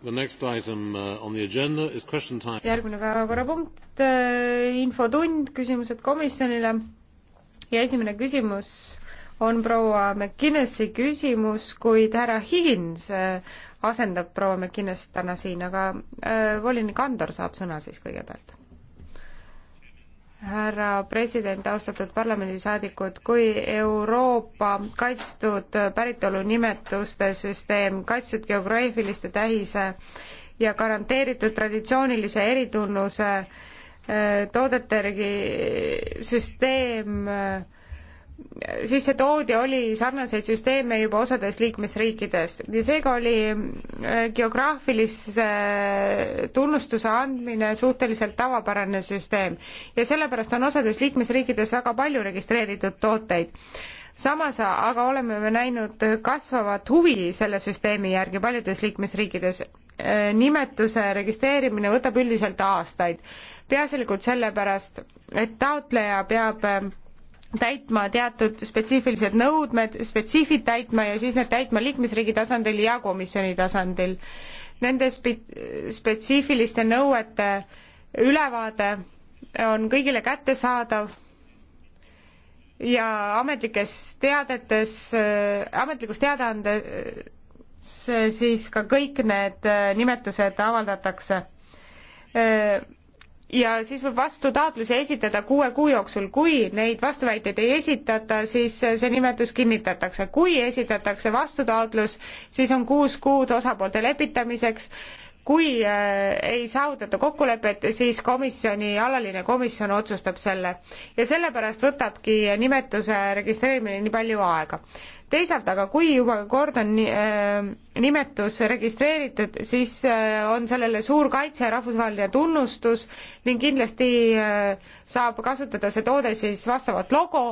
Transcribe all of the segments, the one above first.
Uh, järgmine päevakorrapunkt, uh, infotund, küsimused komisjonile ja esimene küsimus on proua McInnesi küsimus, kuid härra Higins uh, asendab proua McInnest täna siin, aga äh, volinik Andor saab sõna siis kõigepealt härra president, austatud parlamendisaadikud, kui Euroopa kaitstud päritolu nimetuste süsteem, kaitstud geograafiliste tähise ja garanteeritud traditsioonilise eritunnuse eh, toodete süsteem äh, sisse toodi, oli sarnaseid süsteeme juba osades liikmesriikides ja seega oli äh, geograafilise äh, tunnustuse andmine suhteliselt tavapärane süsteem. ja sellepärast on osades liikmesriikides väga palju registreeritud tooteid. samas aga oleme me näinud kasvavat huvi selle süsteemi järgi paljudes liikmesriikides. Äh, nimetuse registreerimine võtab üldiselt aastaid, peaasjalikult sellepärast, et taotleja peab täitma teatud spetsiifilised nõudmed, spetsiifid täitma ja siis need täitma liikmesriigi tasandil ja komisjoni tasandil. Nende spe-, spetsiifiliste nõuete ülevaade on kõigile kättesaadav ja ametlikes teadetes, ametlikus teadaandes siis ka kõik need nimetused avaldatakse ja siis võib vastutaotlusi esitada kuue kuu jooksul, kui neid vastuväiteid ei esitata, siis see nimetus kinnitatakse, kui esitatakse vastutaotlus, siis on kuus kuud osapoolte lepitamiseks kui äh, ei saavutata kokkulepet, siis komisjoni, alaline komisjon otsustab selle. ja sellepärast võtabki nimetuse registreerimine nii palju aega. teisalt aga, kui juba kord on äh, nimetus registreeritud, siis äh, on sellele suur kaitse ja rahvusvaheline tunnustus ning kindlasti saab kasutada see toode siis vastavat logo,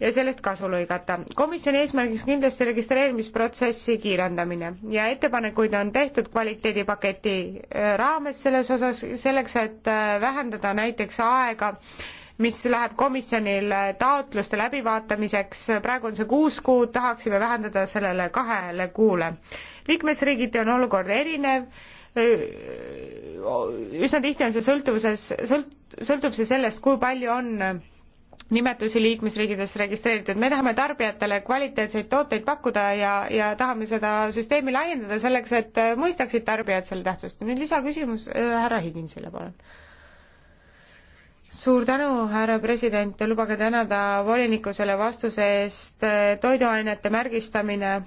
ja sellest kasu lõigata. komisjoni eesmärgiks kindlasti registreerimisprotsessi kiirendamine ja ettepanekuid on tehtud kvaliteedipaketi äh, raames selles osas, selleks et äh, vähendada näiteks aega, mis läheb komisjonil taotluste läbivaatamiseks, praegu on see kuus kuud, tahaksime vähendada sellele kahele kuule. liikmesriigiti on olukord erinev, üsna tihti on see sõltuvuses, sõlt-, sõltub see sellest, kui palju on nimetusi liikmesriikides registreeritud, me tahame tarbijatele kvaliteetseid tooteid pakkuda ja, ja tahame seda süsteemi laiendada selleks, et mõistaksid tarbijad selle tähtsust. nüüd lisaküsimus äh, härra Higinsile, palun. suur tänu, härra president, lubage tänada voliniku selle vastuse eest, toiduainete märgistamine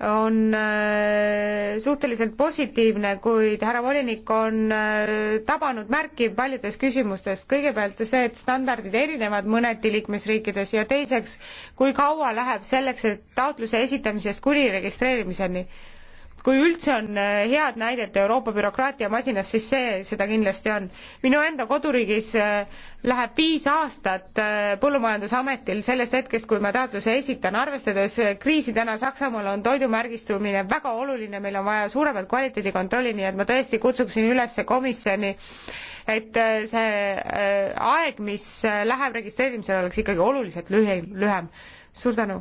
on äh, suhteliselt positiivne, kuid härra volinik on äh, tabanud märki paljudes küsimustes. kõigepealt see, et standardid erinevad mõneti liikmesriikides ja teiseks, kui kaua läheb selleks, et taotluse esitamisest kuni registreerimiseni kui üldse on eh, head näidet Euroopa bürokraatiamasinast, siis see seda kindlasti on. minu enda koduriigis eh, läheb viis aastat eh, Põllumajandusametil sellest hetkest, kui ma taotluse esitan, arvestades kriisi täna Saksamaal on toidumärgistumine väga oluline, meil on vaja suuremat kvaliteedikontrolli, nii et ma tõesti kutsuksin üles komisjoni et see aeg, mis läheb registreerimisele, oleks ikkagi oluliselt lühem, lühem. suur tänu!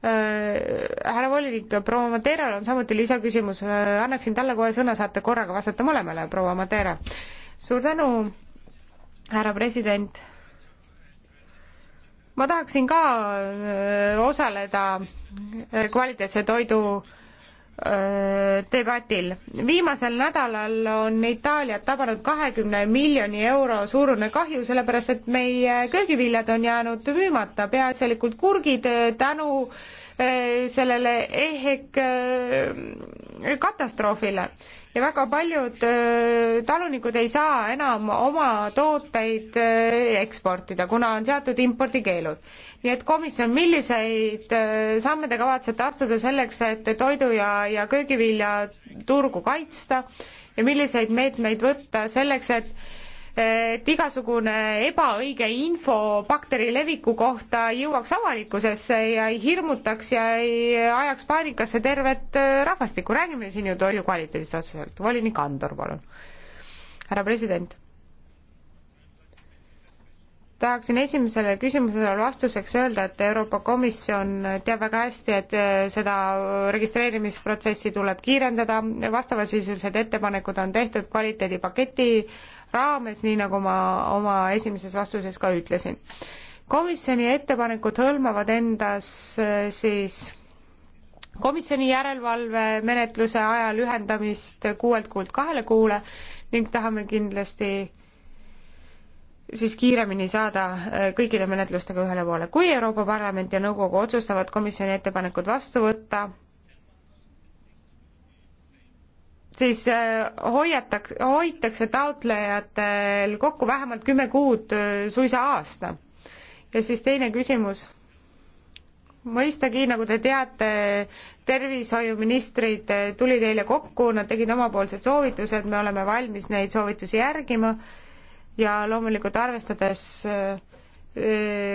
Äh, härra volinik, proua Materal on samuti lisaküsimus, äh, annaksin talle kohe sõna, saate korraga vastata mõlemale, proua Matera. suur tänu, härra president. ma tahaksin ka äh, osaleda kvaliteetse toidu debatil. viimasel nädalal on Itaaliat tabanud kahekümne miljoni euro suurune kahju, sellepärast et meie köögiviljad on jäänud müümata, peaasjalikult kurgid, eh, tänu eh, sellele ehek eh, katastroofile. ja väga paljud talunikud ei saa enam oma tooteid eksportida, kuna on seatud impordikeelud nii et komisjon, milliseid äh, samme te kavatsete astuda selleks, et toidu ja, ja köögiviljaturgu kaitsta ja milliseid meetmeid võtta selleks, et et igasugune ebaõige info bakteri leviku kohta jõuaks avalikkusesse ja ei hirmutaks ja ei ajaks paanikasse tervet äh, rahvastikku. räägime siin ju toidu kvaliteedist otseselt. volinik Andor, palun. härra president tahaksin esimesele küsimusele vastuseks öelda, et Euroopa Komisjon teab väga hästi, et eh, seda registreerimisprotsessi tuleb kiirendada, vastavasisulised ettepanekud on tehtud kvaliteedipaketi raames, nii nagu ma oma esimeses vastuses ka ütlesin. komisjoni ettepanekud hõlmavad endas eh, siis komisjoni järelevalvemenetluse aja lühendamist kuuelt kuult kahele kuule ning tahame kindlasti siis kiiremini saada äh, kõikide menetlustega ühele poole. kui Euroopa Parlament ja Nõukogu otsustavad komisjoni ettepanekud vastu võtta, siis äh, hoiatakse, hoitakse taotlejatel kokku vähemalt kümme kuud, äh, suisa aasta. ja siis teine küsimus mõistagi, nagu te teate, tervishoiuministrid tulid eile kokku, nad tegid omapoolsed soovitused, me oleme valmis neid soovitusi järgima ja loomulikult arvestades äh,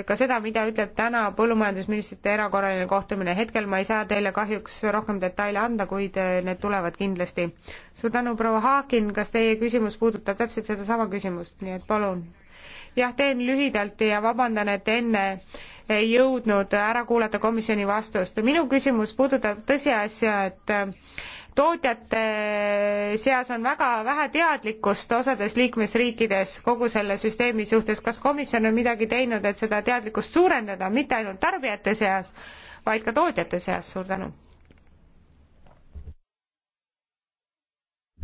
ka seda, mida ütleb täna põllumajandusministrite erakorraline kohtumine. hetkel ma ei saa teile kahjuks rohkem detaile anda, kuid äh, need tulevad kindlasti. suur tänu, proua Haakin, kas teie küsimus puudutab täpselt sedasama küsimust, nii et palun. jah, teen lühidalt ja vabandan, et enne ei jõudnud ära kuulata komisjoni vastust. minu küsimus puudutab tõsiasja, et äh, tootjate seas on väga vähe teadlikkust osades liikmesriikides kogu selle süsteemi suhtes. kas komisjon on midagi teinud, et seda teadlikkust suurendada, mitte ainult tarbijate seas, vaid ka tootjate seas? suur tänu.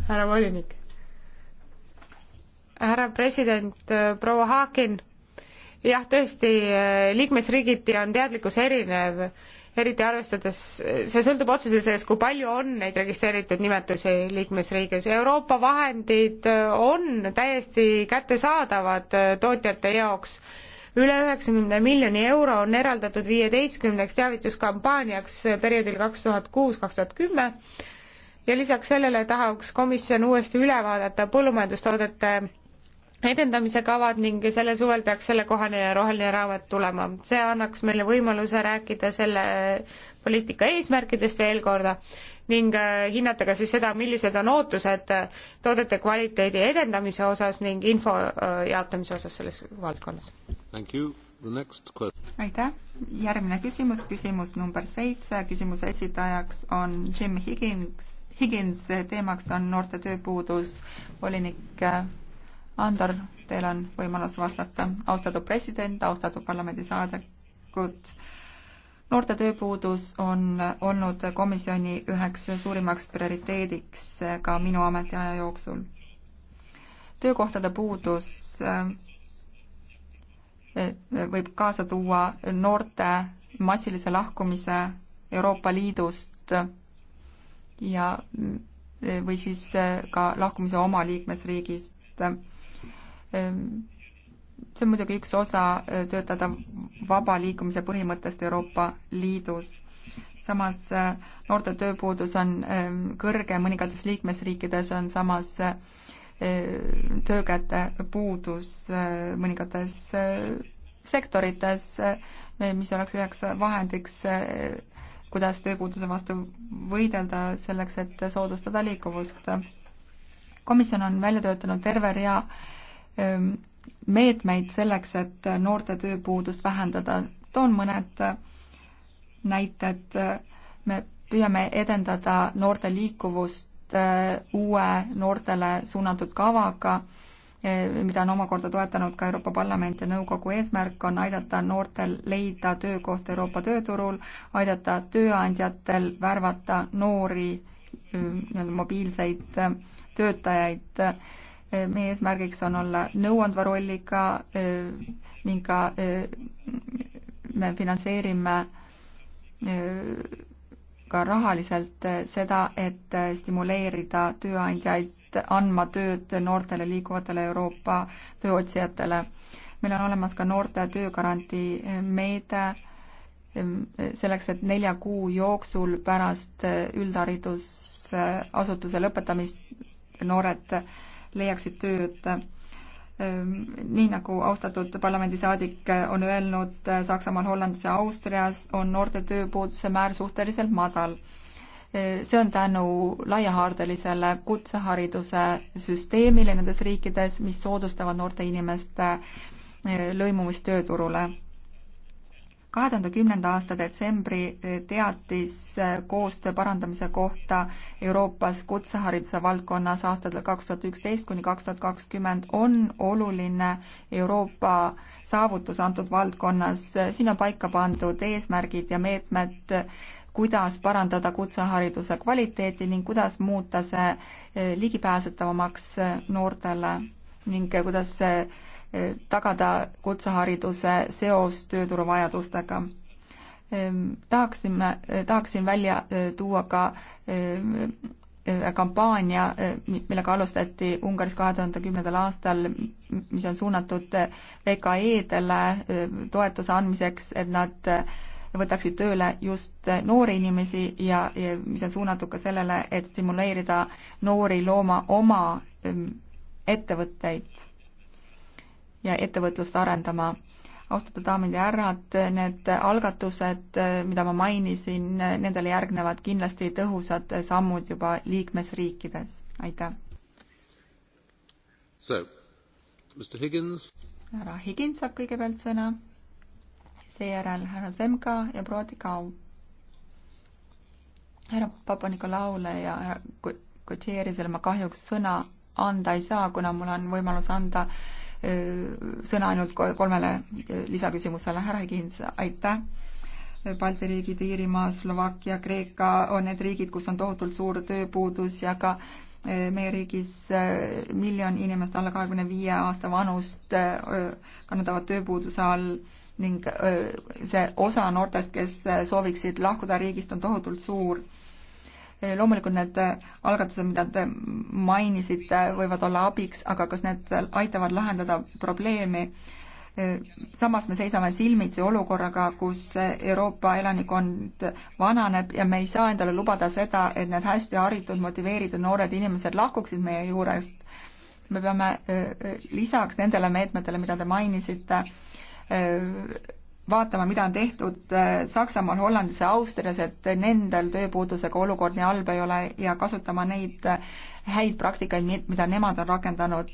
härra volinik. härra president, äh, proua Haakin jah, tõesti, äh, liikmesriigiti on teadlikkus erinev eriti arvestades, see sõltub otseselt sellest, kui palju on neid registreeritud nimetusi liikmesriigis. Euroopa vahendid on täiesti kättesaadavad tootjate jaoks. üle üheksakümne miljoni euro on eraldatud viieteistkümneks teavituskampaaniaks perioodil kaks tuhat kuus, kaks tuhat kümme ja lisaks sellele tahaks komisjon uuesti üle vaadata põllumajandustoodete edendamise kavad ning sellel suvel peaks sellekohane roheline raamat tulema. see annaks meile võimaluse rääkida selle poliitika eesmärkidest veel korda ning äh, hinnata ka siis seda, millised on ootused äh, toodete kvaliteedi edendamise osas ning info äh, jaotamise osas selles valdkonnas. aitäh, järgmine küsimus, küsimus number seitse, küsimuse esitajaks on Jim Higgins, Higgins, teemaks on noorte tööpuudus, volinik Andor, teil on võimalus vastata. austatud president, austatud parlamendisaadikud, noorte tööpuudus on olnud komisjoni üheks suurimaks prioriteediks ka minu ametiaja jooksul. töökohtade puudus eh, eh, võib kaasa tuua noorte massilise lahkumise Euroopa Liidust ja, eh, või siis ka lahkumise oma liikmesriigist Ehm, see on muidugi üks osa eh, töötada vaba liikumise põhimõttest Euroopa Liidus. samas eh, noorte tööpuudus on ehm, kõrge, mõningates liikmesriikides on samas eh, töökäte puudus mõningates sektorites, mis oleks üheks vahendiks, kuidas tööpuuduse vastu võidelda, selleks et soodustada liikuvust. komisjon on välja töötanud terve rea meetmeid selleks, et noorte tööpuudust vähendada. toon mõned näited. me püüame edendada noorte liikuvust uue noortele suunatud kavaga, mida on omakorda toetanud ka Euroopa Parlament ja Nõukogu eesmärk on aidata noortel leida töökoht Euroopa tööturul, aidata tööandjatel värvata noori nii-öelda mobiilseid töötajaid meie eesmärgiks on olla nõuandva rolliga e, ning ka e, me finantseerime e, ka rahaliselt seda, et stimuleerida tööandjaid andma tööd noortele liikuvatele Euroopa tööotsijatele. meil on olemas ka noorte töögarantii meede selleks, et nelja kuu jooksul pärast üldharidusasutuse lõpetamist noored leiaksid tööd. Ehm, nii nagu austatud parlamendisaadik eh, on öelnud, eh, Saksamaal, Hollandis ja Austrias on noorte tööpuuduse määr suhteliselt madal. Eh, see on tänu laiahaardelisele kutsehariduse süsteemile nendes riikides, mis soodustavad noorte inimeste lõimumist tööturule kahe tuhande kümnenda aasta detsembri eh, teatis eh, koostöö parandamise kohta Euroopas kutsehariduse valdkonnas aastatel kaks tuhat üksteist kuni kaks tuhat kakskümmend on oluline Euroopa saavutus antud valdkonnas. siin on paika pandud eesmärgid ja meetmed, kuidas parandada kutsehariduse kvaliteeti ning kuidas muuta see eh, ligipääsetavamaks noortele ning kuidas see tagada kutsehariduse seos tööturu vajadustega. Ehm, tahaksime, tahaksin välja eh, tuua ka eh, eh, kampaania, millega alustati Ungaris kahe tuhande kümnendal aastal, mis on suunatud VKE-dele toetuse andmiseks, et nad võtaksid tööle just noori inimesi ja, ja mis on suunatud ka sellele, et stimuleerida noori looma oma ehm, ettevõtteid ja ettevõtlust arendama. austatud daamid ja härrad, need algatused, mida ma mainisin, nendele järgnevad kindlasti tõhusad sammud juba liikmesriikides, aitäh. härra Higins saab kõigepealt sõna, seejärel härra Semka ja proua Tikau. härra Papa-Nikolaule ja härra Kutšeerisele ma kahjuks sõna anda ei saa, kuna mul on võimalus anda äh, Äh, sõna ainult kolmele äh, lisaküsimusele. härra Higins, aitäh! Balti riigid, Iirimaa, Slovakkia, Kreeka on need riigid, kus on tohutult suur tööpuudus ja ka äh, meie riigis miljon inimest alla kahekümne viie aasta vanust kannatavad tööpuuduse all ning see osa noortest, kes sooviksid lahkuda riigist, on tohutult suur loomulikult need algatused, mida te mainisite, võivad olla abiks, aga kas need aitavad lahendada probleemi? samas me seisame silmitsi olukorraga, kus Euroopa elanikkond vananeb ja me ei saa endale lubada seda, et need hästi haritud, motiveeritud noored inimesed lahkuksid meie juurest. me peame eh, eh, lisaks nendele meetmetele, mida te mainisite, eh, vaatama, mida on tehtud äh, Saksamaal, Hollandis ja Austrias, et nendel tööpuudusega olukord nii halb ei ole ja kasutama neid äh, häid praktikaid, mida nemad on rakendanud.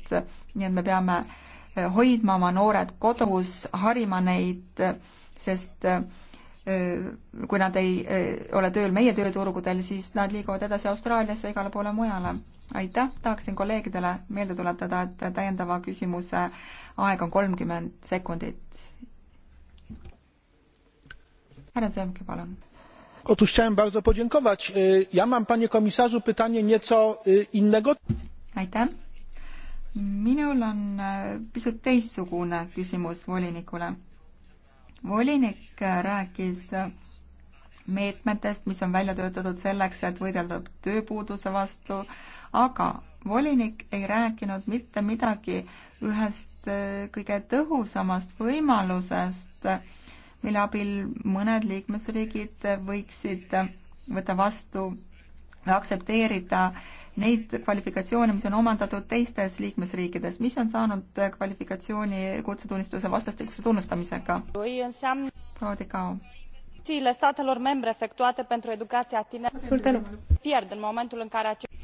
nii et me peame äh, hoidma oma noored kodus, harima neid, sest kui nad ei ole tööl meie tööturgudel, siis nad liiguvad edasi Austraaliasse, igale poole mujale. aitäh, tahaksin kolleegidele meelde tuletada, et täiendava küsimuse aeg on kolmkümmend sekundit härra Zemke, palun. Otóż chciałem bardzo podziękować. E, ja mam, panie komisarzu, pytanie nieco e, innego. Aitäh. Minul on e, pisut teistsugune küsimus volinikule. Volinik rääkis meetmetest, mis on välja töötatud selleks, et võidelda tööpuuduse vastu, aga volinik ei rääkinud mitte midagi ühest kõige tõhusamast võimalusest mille abil mõned liikmesriigid võiksid võtta vastu või aktsepteerida neid kvalifikatsioone, mis on omandatud teistes liikmesriikides, mis on saanud kvalifikatsiooni kutsetunnistuse vastastikuse tunnustamisega? proua Tikao.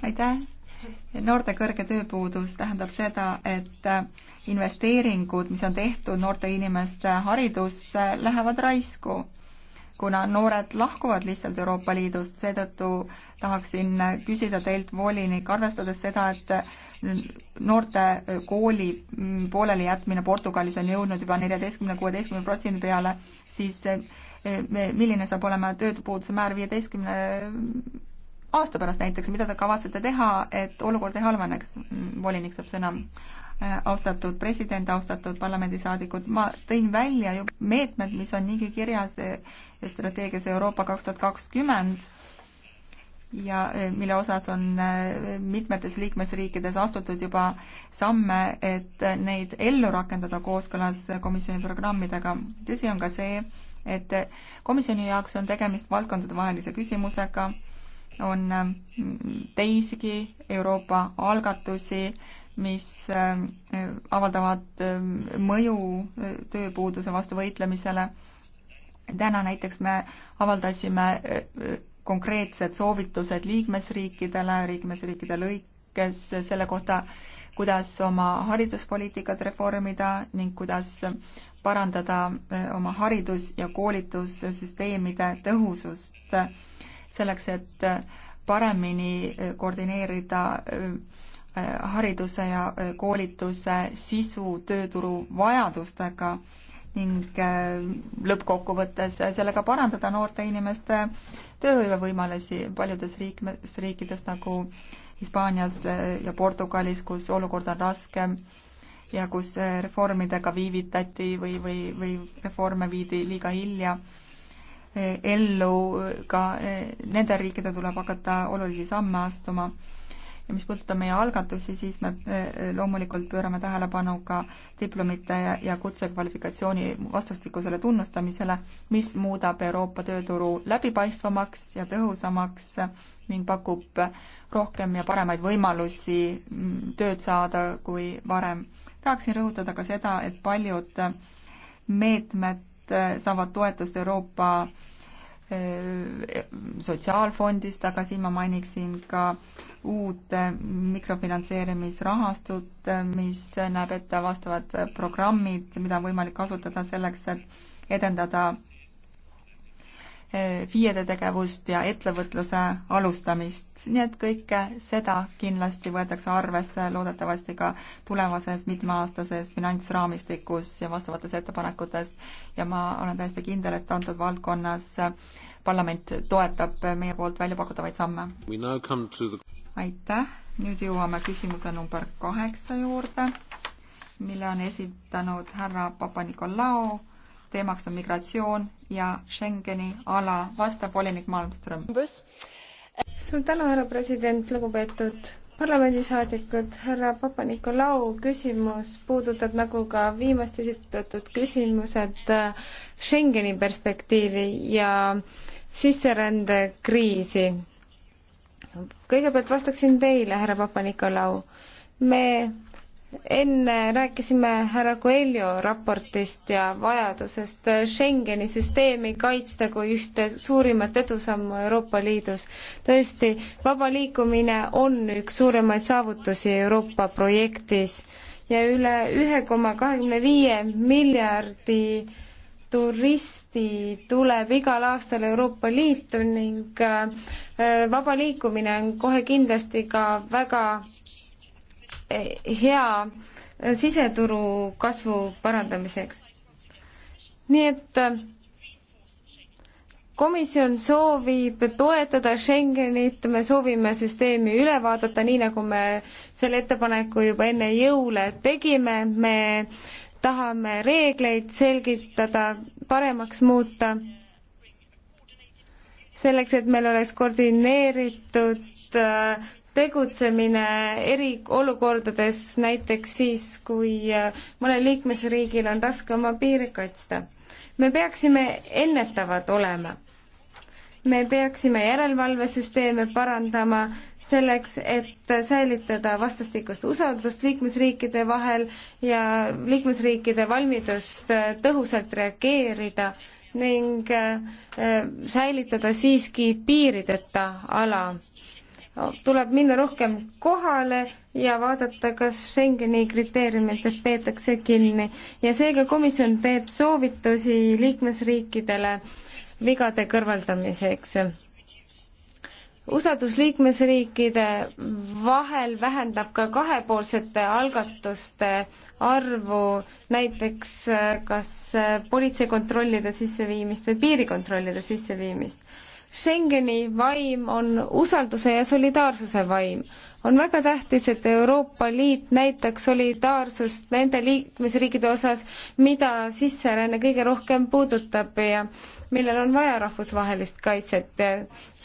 aitäh! noorte kõrge tööpuudus tähendab seda, et investeeringud, mis on tehtud noorte inimeste haridusse, lähevad raisku, kuna noored lahkuvad lihtsalt Euroopa Liidust, seetõttu tahaksin küsida teilt, volinik, arvestades seda, et noorte kooli pooleli jätmine Portugalis on jõudnud juba neljateistkümne, kuueteistkümne protsendi peale, siis milline saab olema tööpuuduse määr viieteistkümne aasta pärast näiteks, mida te kavatsete teha, et olukord ei halveneks, volinik saab sõna. Äh, austatud president, austatud parlamendisaadikud, ma tõin välja ju meetmed, mis on niigi kirjas äh, strateegias Euroopa kaks tuhat kakskümmend ja äh, mille osas on mitmetes liikmesriikides astutud juba samme, et neid ellu rakendada kooskõlas komisjoni programmidega. tõsi on ka see, et komisjoni jaoks on tegemist valdkondadevahelise küsimusega on ähm, teisigi Euroopa algatusi, mis ähm, äh, avaldavad ähm, mõju äh, tööpuuduse vastu võitlemisele. täna näiteks me avaldasime äh, konkreetsed soovitused liikmesriikidele, liikmesriikide lõikes selle kohta, kuidas oma hariduspoliitikat reformida ning kuidas parandada oma haridus- ja koolitussüsteemide tõhusust selleks, et äh, paremini äh, koordineerida äh, hariduse ja koolituse sisu tööturu vajadustega ning lõppkokkuvõttes sellega parandada noorte inimeste tööhõivevõimalusi paljudes riikides, riikides nagu Hispaanias ja Portugalis, kus olukord on raskem ja kus reformidega viivitati või, või, või reforme viidi liiga hilja ellu, ka eh, nende riikidel tuleb hakata olulisi samme astuma. ja mis puudutab meie algatusi, siis me eh, loomulikult pöörame tähelepanu ka diplomite ja, ja kutsekvalifikatsiooni vastastikusele tunnustamisele, mis muudab Euroopa tööturu läbipaistvamaks ja tõhusamaks ning pakub rohkem ja paremaid võimalusi mm, tööd saada kui varem. tahaksin rõhutada ka seda, et paljud meetmed Eh, saavad toetust Euroopa eh, sotsiaalfondist, aga siin ma mainiksin ka uut eh, mikrofinantseerimisrahastut, mis näeb ette vastavad programmid, mida on võimalik kasutada selleks, et edendada FIE-de tegevust ja ettevõtluse alustamist. nii et kõike seda kindlasti võetakse arvesse loodetavasti ka tulevases mitmeaastases finantsraamistikus ja vastavates ettepanekutes ja ma olen täiesti kindel, et antud valdkonnas parlament toetab meie poolt välja pakutavaid samme. The... aitäh, nüüd jõuame küsimuse number kaheksa juurde, mille on esitanud härra Papa-Nikolau teemaks on migratsioon ja Schengeni ala, vastav volinik Malmström. suur tänu, härra president, lugupeetud parlamendisaadikud, härra Papa-Nikolau küsimus puudutab nagu ka viimast esitatud küsimused äh, Schengeni perspektiivi ja sisserändekriisi. kõigepealt vastaksin teile, härra Papa-Nikolau. me enne rääkisime härra Coelho raportist ja vajadusest Schengeni süsteemi kaitsta kui ühte suurimat edusammu Euroopa Liidus. tõesti, vaba liikumine on üks suuremaid saavutusi Euroopa projektis ja üle ühe koma kahekümne viie miljardi turisti tuleb igal aastal Euroopa Liitu ning äh, vaba liikumine on kohe kindlasti ka väga hea siseturu kasvu parandamiseks. nii et äh, komisjon soovib toetada Schengenit, me soovime süsteemi üle vaadata, nii nagu me selle ettepaneku juba enne jõule tegime, me tahame reegleid selgitada, paremaks muuta, selleks, et meil oleks koordineeritud äh, tegutsemine eriolukordades, näiteks siis, kui äh, mõnel liikmesriigil on raske oma piiri kaitsta. me peaksime ennetavad olema. me peaksime järelevalvesüsteeme parandama selleks, et säilitada vastastikust usaldust liikmesriikide vahel ja liikmesriikide valmidust äh, tõhusalt reageerida ning äh, säilitada siiski piirideta ala tuleb minna rohkem kohale ja vaadata, kas Schengeni kriteeriumitest peetakse kinni. ja seega komisjon teeb soovitusi liikmesriikidele vigade kõrvaldamiseks. usaldus liikmesriikide vahel vähendab ka kahepoolsete algatuste arvu, näiteks eh, kas eh, politseikontrollide sisseviimist või piirikontrollide sisseviimist Schengeni vaim on usalduse ja solidaarsuse vaim. on väga tähtis, et Euroopa Liit näitaks solidaarsust nende liikmesriikide osas, mida sisseränne kõige rohkem puudutab ja millel on vaja rahvusvahelist kaitset.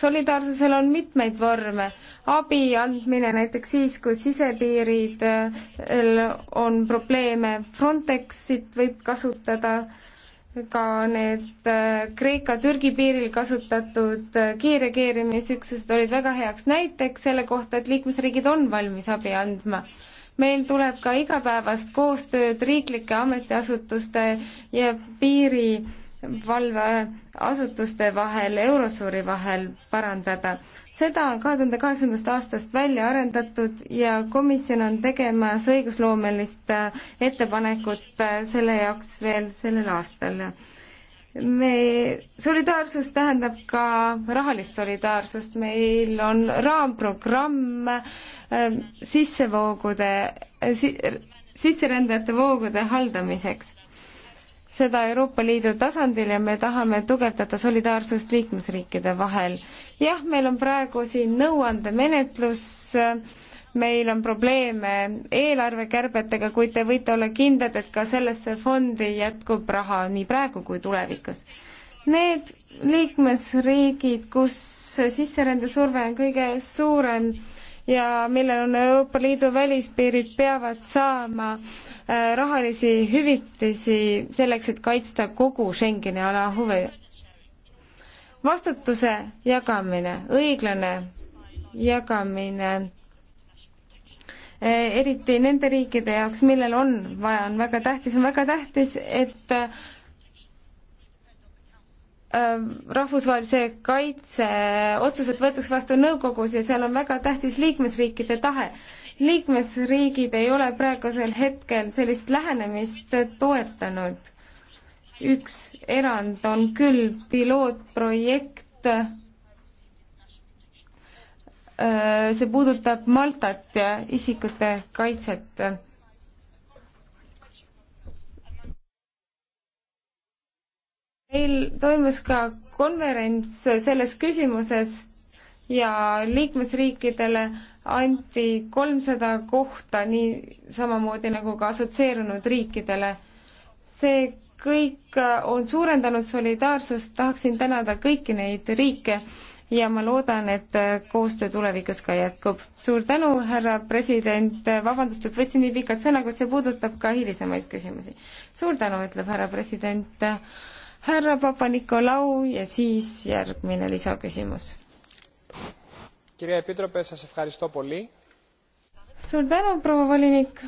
solidaarsusel on mitmeid vorme, abi andmine näiteks siis, kui sisepiiridel on probleeme, Frontexit võib kasutada ka need äh, Kreeka-Türgi piiril kasutatud äh, kiirreageerimisüksused olid väga heaks näiteks selle kohta, et liikmesriigid on valmis abi andma. meil tuleb ka igapäevast koostööd riiklike ametiasutuste ja piiri valveasutuste vahel, Eurosuri vahel parandada. seda on kahe tuhande kaheksandast aastast välja arendatud ja komisjon on tegemas õigusloomelist äh, ettepanekut äh, selle jaoks veel sellel aastal me, solidaarsus tähendab ka rahalist solidaarsust, meil on raamprogramm äh, sissevoogude si,, sisserändajate voogude haldamiseks seda Euroopa Liidu tasandil ja me tahame tugevdada solidaarsust liikmesriikide vahel. jah, meil on praegu siin nõuandemenetlus, meil on probleeme eelarvekärbetega, kuid te võite olla kindlad, et ka sellesse fondi jätkub raha nii praegu kui tulevikus. Need liikmesriigid, kus sisserändesurve on kõige suurem, ja millel on Euroopa Liidu välispiirid, peavad saama äh, rahalisi hüvitisi selleks, et kaitsta kogu Schengeni ala huve. vastutuse jagamine, õiglane jagamine äh, eriti nende riikide jaoks, millel on vaja, on väga tähtis, on väga tähtis, et äh, Äh, rahvusvahelise kaitse otsused võetakse vastu nõukogus ja seal on väga tähtis liikmesriikide tahe. liikmesriigid ei ole praegusel hetkel sellist lähenemist toetanud. üks erand on küll pilootprojekt, äh, see puudutab Maltat ja isikute kaitset meil toimus ka konverents selles küsimuses ja liikmesriikidele anti kolmsada kohta, nii samamoodi nagu ka assotsieerunud riikidele. see kõik on suurendanud solidaarsust, tahaksin tänada kõiki neid riike ja ma loodan, et koostöö tulevikus ka jätkub. suur tänu, härra president, vabandust, et võtsin nii pikalt sõna, kuid see puudutab ka hilisemaid küsimusi. suur tänu, ütleb härra president härra Papa-Nikolau ja siis järgmine lisaküsimus. suur tänu, proua volinik.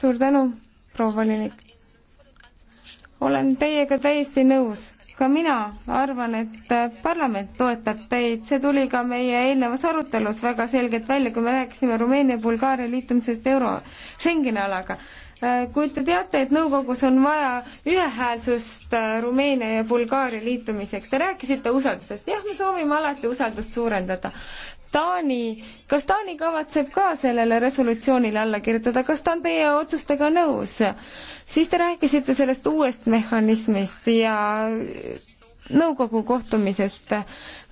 suur tänu, proua volinik. olen teiega täiesti nõus ka mina arvan, et parlament toetab teid, see tuli ka meie eelnevas arutelus väga selgelt välja, kui me rääkisime Rumeenia-Bulgaaria liitumisest euro Schengeni alaga. Äh, kuid te teate, et nõukogus on vaja ühehäälsust äh, Rumeenia ja Bulgaaria liitumiseks. Te rääkisite usaldusest. jah, me soovime alati usaldust suurendada. Taani, kas Taani kavatseb ka sellele resolutsioonile alla kirjutada, kas ta on teie otsustega nõus? siis te rääkisite sellest uuest mehhanismist ja nõukogu kohtumisest.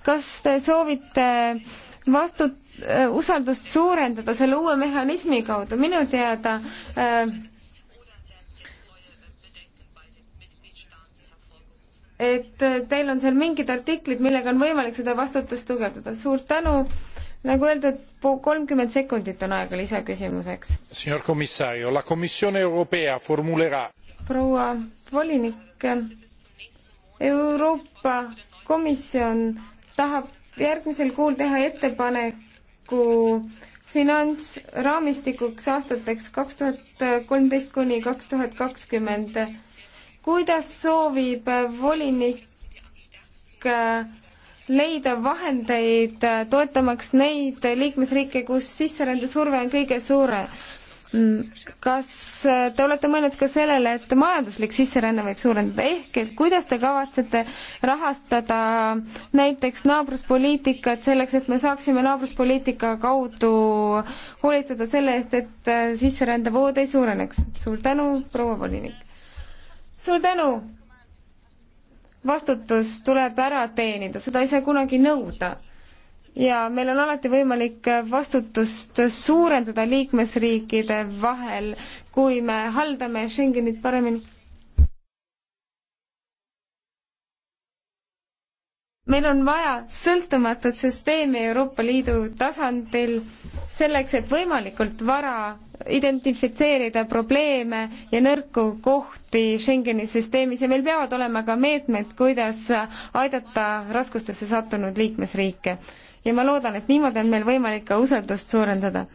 kas te soovite vastut-, äh, usaldust suurendada selle uue mehhanismi kaudu, minu teada äh, et teil on seal mingid artiklid, millega on võimalik seda vastutust tugevdada. suur tänu, nagu öeldud, kolmkümmend sekundit on aega lisaküsimuseks. Formulera... proua volinik, Euroopa Komisjon tahab järgmisel kuul teha ettepaneku finantsraamistikuks aastateks kaks tuhat kolmteist kuni kaks tuhat kakskümmend kuidas soovib volinik äh, leida vahendeid äh, toetamaks neid liikmesriike, kus sisserändesurve on kõige suurem? Mm, kas äh, te olete mõelnud ka sellele, et majanduslik sisseränne võib suurendada, ehk et kuidas te kavatsete rahastada näiteks naabruspoliitikat selleks, et me saaksime naabruspoliitika kaudu hoolitada selle eest, et sisserändevood ei suureneks? suur tänu, proua volinik! suur tänu! vastutus tuleb ära teenida, seda ei saa kunagi nõuda. ja meil on alati võimalik vastutust suurendada liikmesriikide vahel, kui me haldame Schengenit paremini. meil on vaja sõltumatut süsteemi Euroopa Liidu tasandil selleks, et võimalikult vara identifitseerida probleeme ja nõrku kohti Schengeni süsteemis ja meil peavad olema ka meetmed, kuidas aidata raskustesse sattunud liikmesriike. ja ma loodan, et niimoodi on meil võimalik ka usaldust suurendada.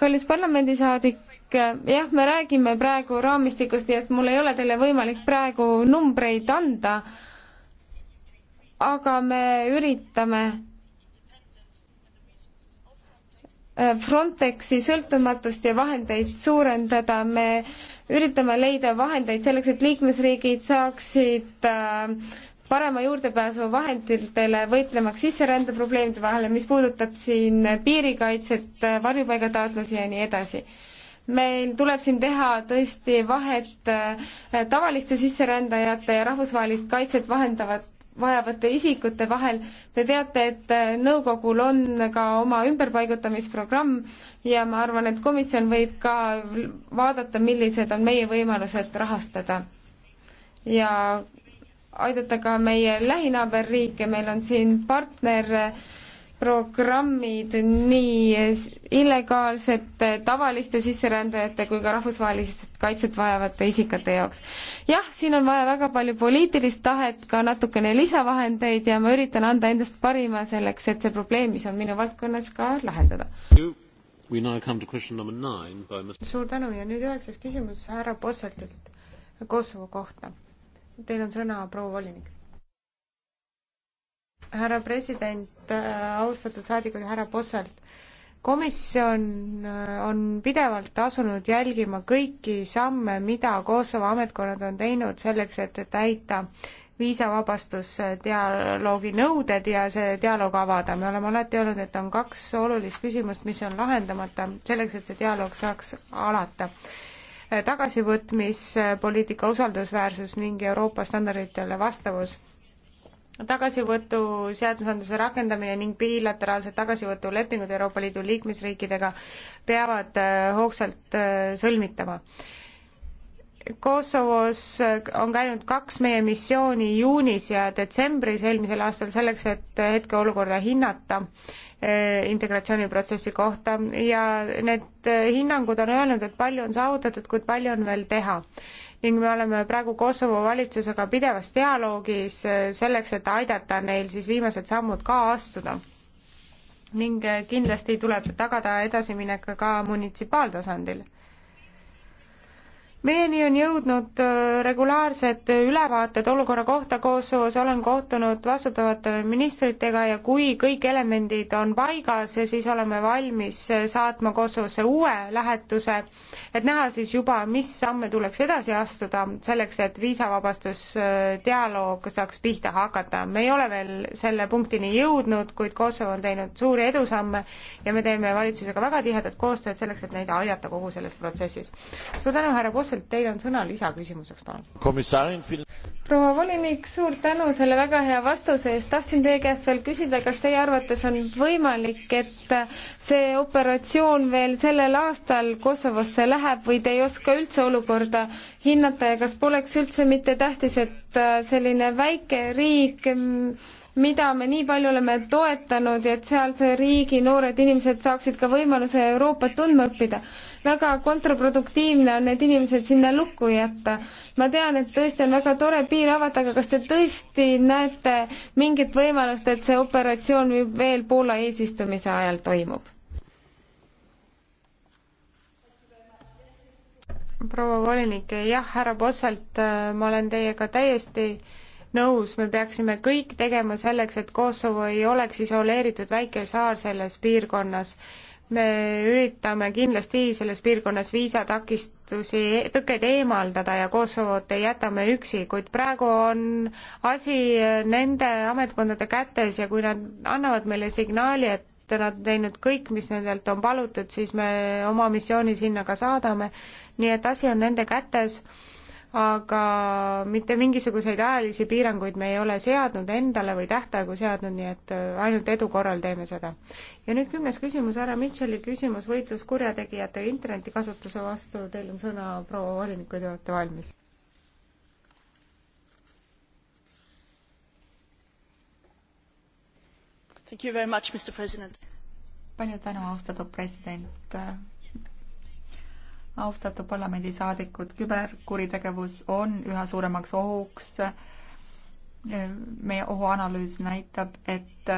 kallis parlamendisaadik, jah, me räägime praegu raamistikust, nii et mul ei ole teile võimalik praegu numbreid anda, aga me üritame Äh, Frontexi sõltumatust ja vahendeid suurendada, me üritame leida vahendeid selleks, et liikmesriigid saaksid äh, parema juurdepääsu vahenditele, võitlemaks sisserände probleemide vahele, mis puudutab siin piirikaitset, äh, varjupaigataotlusi ja nii edasi. meil tuleb siin teha tõesti vahet tavaliste sisserändajate ja rahvusvahelist kaitset vahendavad vajavate isikute vahel. Te teate, et äh, nõukogul on ka oma ümberpaigutamisprogramm ja ma arvan, et komisjon võib ka vaadata, millised on meie võimalused rahastada ja aidata ka meie lähinaaberriike, meil on siin partner äh, programmid nii illegaalsete tavaliste sisserändajate kui ka rahvusvahelist kaitset vajavate isikute jaoks. jah, siin on vaja väga palju poliitilist tahet, ka natukene lisavahendeid ja ma üritan anda endast parima selleks, et see probleem, mis on minu valdkonnas, ka lahendada. suur tänu ja nüüd üheksas küsimus härra Posseltilt Kosovo kohta. Teil on sõna, proua volinik härra president, äh, austatud saadikud, härra Posselt. komisjon äh, on pidevalt asunud jälgima kõiki samme, mida Kosovo ametkonnad on teinud selleks, et täita viisavabastusdialoogi nõuded ja see dialoog avada. me oleme alati öelnud, et on kaks olulist küsimust, mis on lahendamata selleks, et see dialoog saaks alata äh, tagasivõtmispoliitika usaldusväärsus ning Euroopa standarditele vastavus tagasivõtu seadusandluse rakendamine ning bilateraalsed tagasivõtulepingud Euroopa Liidu liikmesriikidega peavad äh, hoogsalt äh, sõlmitama. Kosovos äh, on käinud kaks meie missiooni juunis ja detsembris eelmisel aastal selleks, et hetkeolukorda hinnata integratsiooniprotsessi kohta ja need hinnangud on öelnud, et palju on saavutatud, kuid palju on veel teha ning me oleme praegu Kosovo valitsusega pidevas dialoogis eh, selleks, et aidata neil siis viimased sammud ka astuda. ning eh, kindlasti tuleb tagada edasiminek ka munitsipaaltasandil meieni on jõudnud äh, regulaarsed ülevaated olukorra kohta Kosovos, olen kohtunud vastutavate ministritega ja kui kõik elemendid on paigas, siis oleme valmis äh, saatma Kosovosse uue lähetuse, et näha siis juba, mis samme tuleks edasi astuda selleks, et viisavabastusdialoog äh, saaks pihta hakata. me ei ole veel selle punktini jõudnud, kuid Kosovo on teinud suuri edusamme ja me teeme valitsusega väga tihedat koostööd selleks, et neid aidata kogu selles protsessis. suur tänu, härra Pus-. Posselt, teil on sõna lisaküsimuseks, palun. proua volinik, suur tänu selle väga hea vastuse eest. tahtsin teie käest veel küsida, kas teie arvates on võimalik, et see operatsioon veel sellel aastal Kosovosse läheb või te ei oska üldse olukorda hinnata ja kas poleks üldse mitte tähtis, et selline väike riik mida me nii palju oleme toetanud ja et sealse riigi noored inimesed saaksid ka võimaluse Euroopat tundma õppida. väga kontraproduktiivne on need inimesed sinna lukku jätta. ma tean, et tõesti on väga tore piir avada, aga kas te tõesti näete mingit võimalust, et see operatsioon veel Poola eesistumise ajal toimub? proua volinik, jah, härra Bossalt, ma olen teiega täiesti äh, nõus, me peaksime kõik tegema selleks, et Kosovo ei oleks isoleeritud väike saar selles piirkonnas. me üritame kindlasti selles piirkonnas viisatakistusi, e-, tõkkeid eemaldada ja Kosovot ei jäta me üksi, kuid praegu on asi nende ametkondade kätes ja kui nad annavad meile signaali, et nad teinud kõik, mis nendelt on palutud, siis me oma missiooni sinna ka saadame. nii et asi on nende kätes aga mitte mingisuguseid ajalisi piiranguid me ei ole seadnud endale või tähtaegu seadnud, nii et äh, ainult edu korral teeme seda. ja nüüd kümnes küsimus, härra Mitchell'i küsimus, võitlus kurjategijate internetikasutuse vastu, teil on sõna, proua volinik, kui te olete valmis. palju tänu, austatud president austatud parlamendisaadikud, küberkuritegevus on üha suuremaks ohuks. meie ohuanalüüs näitab, et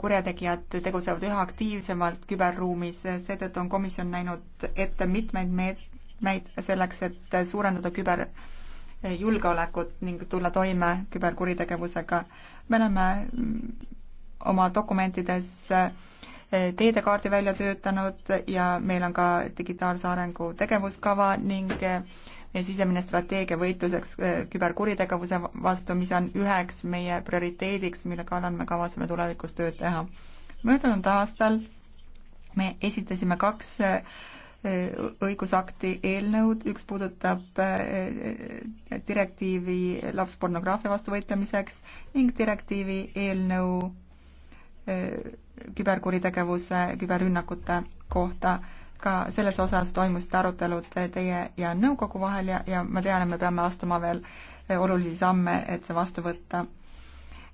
kurjategijad tegutsevad üha aktiivsemalt küberruumis, seetõttu on komisjon näinud ette mitmeid meetmeid selleks, et suurendada küber julgeolekut ning tulla toime küberkuritegevusega. me oleme oma dokumentides äh, teedekaardi välja töötanud ja meil on ka digitaalse arengu tegevuskava ning meie eh, sisemine strateegia võitluseks eh, küberkuritegevuse vastu, mis on üheks meie prioriteediks, mille kallal me kavatseme tulevikus tööd teha. möödunud aastal me esitasime kaks eh, õigusakti eelnõud, üks puudutab direktiivi lapspornograafia vastu võitlemiseks ning direktiivi eelnõu küberkuritegevuse, küberrünnakute kohta, ka selles osas toimusid arutelud teie ja nõukogu vahel ja, ja ma tean, et me peame astuma veel olulisi samme, et see vastu võtta.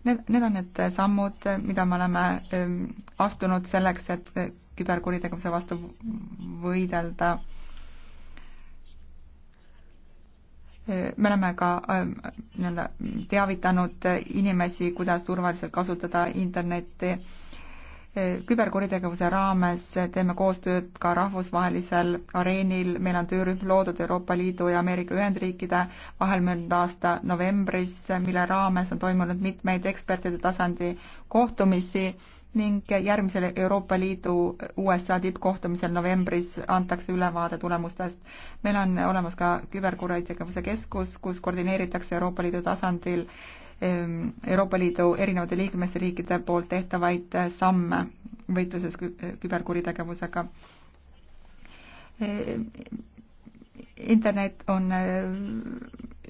Need, need on need sammud, mida me oleme ähm, astunud selleks, et küberkuritegevuse vastu võidelda. me oleme ka ähm, nii-öelda teavitanud inimesi, kuidas turvaliselt kasutada Internetti küberkuritegevuse raames teeme koostööd ka rahvusvahelisel areenil, meil on töörühm loodud Euroopa Liidu ja Ameerika Ühendriikide vahel möödunud aasta novembris, mille raames on toimunud mitmeid ekspertide tasandi kohtumisi ning järgmisel Euroopa Liidu USA tippkohtumisel novembris antakse ülevaade tulemustest. meil on olemas ka küberkuritegevuse keskus, kus koordineeritakse Euroopa Liidu tasandil äh, Ähm, Euroopa Liidu erinevate liikmesriikide poolt tehtavaid äh, samme võitluses äh, küberkuritegevusega. Äh, internet on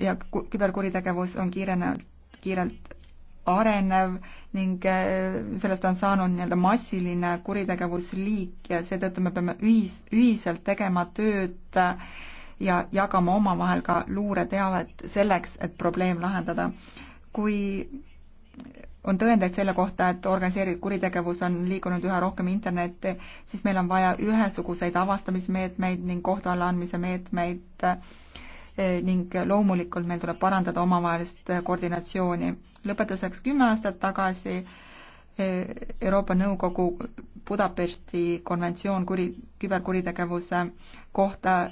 ja küberkuritegevus on kiirenevalt, kiirelt arenev ning sellest on saanud nii-öelda massiline kuritegevusliik ja seetõttu me peame ühis, ühiselt tegema tööd ja jagama omavahel ka luureteavet selleks, et probleem lahendada kui on tõendeid selle kohta, et organiseeritud kuritegevus on liikunud üha rohkem internetti, siis meil on vaja ühesuguseid avastamismeetmeid ning kohtu alla andmise meetmeid eh, ning loomulikult meil tuleb parandada omavahelist koordinatsiooni. lõpetuseks, kümme aastat tagasi eh, Euroopa Nõukogu Budapesti konventsioon kuri, küberkuritegevuse kohta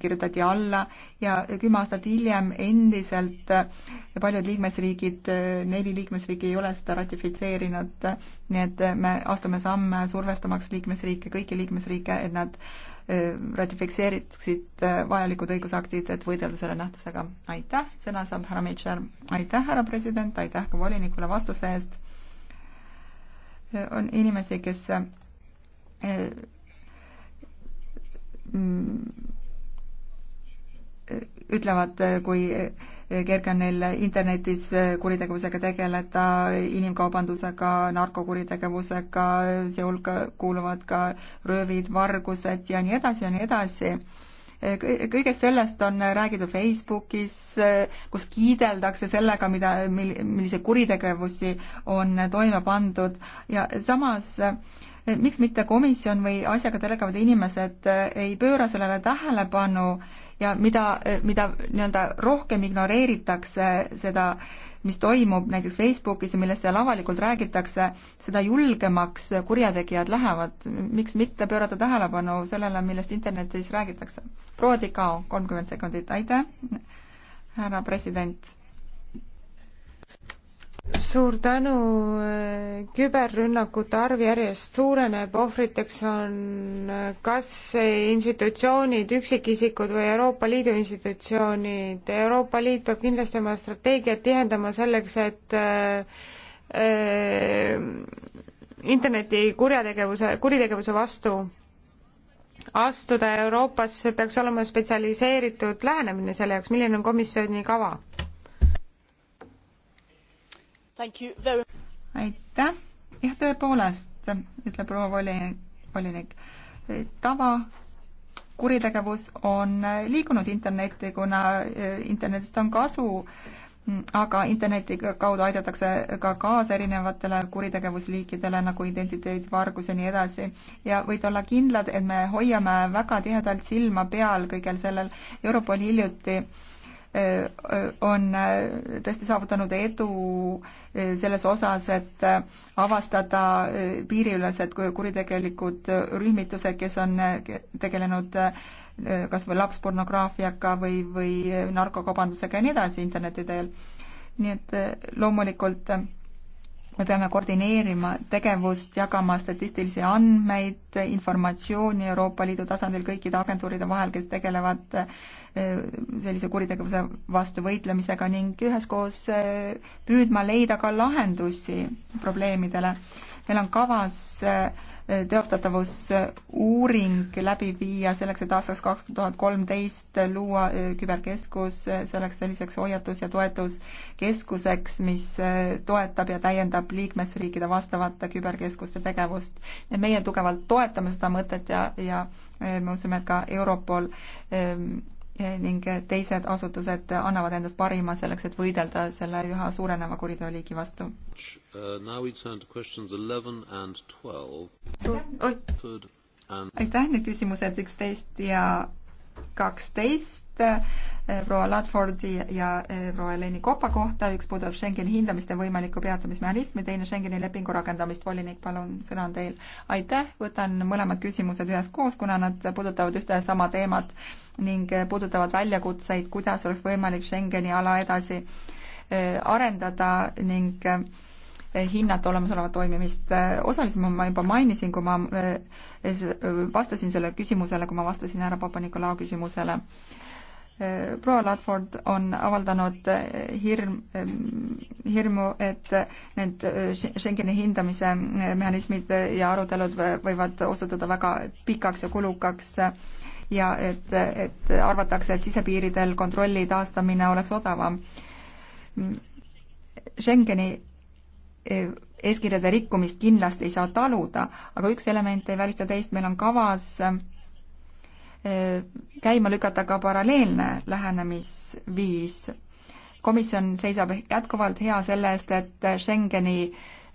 kirjutati alla ja kümme aastat hiljem endiselt paljud liikmesriigid, neli liikmesriiki ei ole seda ratifitseerinud, nii et me astume samme survestamaks liikmesriike, kõiki liikmesriike, et nad ratifitseeriksid vajalikud õigusaktid, et võidelda selle nähtusega. aitäh, sõna saab härra Mitchell. aitäh, härra president, aitäh ka volinikule vastuse eest. on inimesi, kes Mm, ütlevad, kui kerge on neil internetis kuritegevusega tegeleda, inimkaubandusega, narkokuritegevusega, see hulka kuuluvad ka röövid, vargused ja nii edasi ja nii edasi. kõigest sellest on räägitud Facebookis, kus kiideldakse sellega, mida, mil-, milliseid kuritegevusi on toime pandud ja samas äh, Eh, miks mitte komisjon või asjaga tegelevad inimesed eh, ei pööra sellele tähelepanu ja mida, eh, mida nii-öelda rohkem ignoreeritakse seda, mis toimub näiteks Facebookis ja millest seal avalikult räägitakse, seda julgemaks kurjategijad lähevad. miks mitte pöörata tähelepanu sellele, millest internetis räägitakse? proua Tikao, kolmkümmend sekundit, aitäh, härra president suur tänu, äh, küberrünnakute arv järjest suureneb, ohvriteks on äh, kas institutsioonid, üksikisikud või Euroopa Liidu institutsioonid. Euroopa Liit peab kindlasti oma strateegiat tihendama selleks, et äh, äh, interneti kurjategevuse, kuritegevuse vastu astuda Euroopas peaks olema spetsialiseeritud lähenemine selle jaoks, milline on komisjoni kava? aitäh, jah, tõepoolest, ütleb proua volinik, volinik, tava kuritegevus on liikunud internetti, kuna eh, internetist on kasu, aga interneti kaudu aidatakse ka kaasa erinevatele kuritegevusliikidele nagu identiteet, vargus ja nii edasi. ja võid olla kindlad, et me hoiame väga tihedalt silma peal kõigel sellel. Europol hiljuti äh, on tõesti saavutanud edu selles osas, et avastada piiriülesed kuritegelikud rühmitused, kes on tegelenud kas või lapspornograafiaga või, või narkokaubandusega ja nii edasi interneti teel. nii et loomulikult me peame koordineerima tegevust, jagama statistilisi andmeid, informatsiooni Euroopa Liidu tasandil kõikide agentuuride vahel, kes tegelevad eh, sellise kuritegevuse vastu võitlemisega ning üheskoos eh, püüdma leida ka lahendusi probleemidele. meil on kavas äh, teostatavusuuring äh, läbi viia selleks, et aastaks kaks tuhat kolmteist luua äh, küberkeskus äh, selleks selliseks hoiatus- ja toetuskeskuseks, mis toetab ja täiendab liikmesriikide vastavate küberkeskuste tegevust. et meie tugevalt toetame seda mõtet ja, ja me usume, et ka Europol ähm, ning teised asutused annavad endast parima selleks, et võidelda selle üha suureneva kuriteoliigi vastu. Uh, aitäh, need küsimused üksteist ja kaksteist eh, proua Ladfordi ja eh, proua Eleni Kopa kohta, üks puudutab Schengeni hindamist ja võimalikku peatamismehhanismi, teine Schengeni lepingu rakendamist. volinik, palun, sõna on teil. aitäh, võtan mõlemad küsimused üheskoos, kuna nad puudutavad ühte ja sama teemat ning eh, puudutavad väljakutseid, kuidas oleks võimalik Schengeni ala edasi arendada ning hinnata olemasolevat toimimist. osaliselt ma juba mainisin, kui ma eh, vastasin sellele küsimusele, kui ma vastasin härra Papa-Nikolau küsimusele. Eh, proua Ladford on avaldanud eh, hirm, hirmu, et need Schengeni hindamise mehhanismid ja arutelud võivad osutuda väga pikaks ja kulukaks ja et, et arvatakse, et sisepiiridel kontrolli taastamine oleks odavam. Mm, Schengeni Eh, eeskirjade rikkumist kindlasti ei saa taluda, aga üks element ei välista teist, meil on kavas eh, käima lükata ka paralleelne lähenemisviis. komisjon seisab jätkuvalt hea selle eest, et Schengeni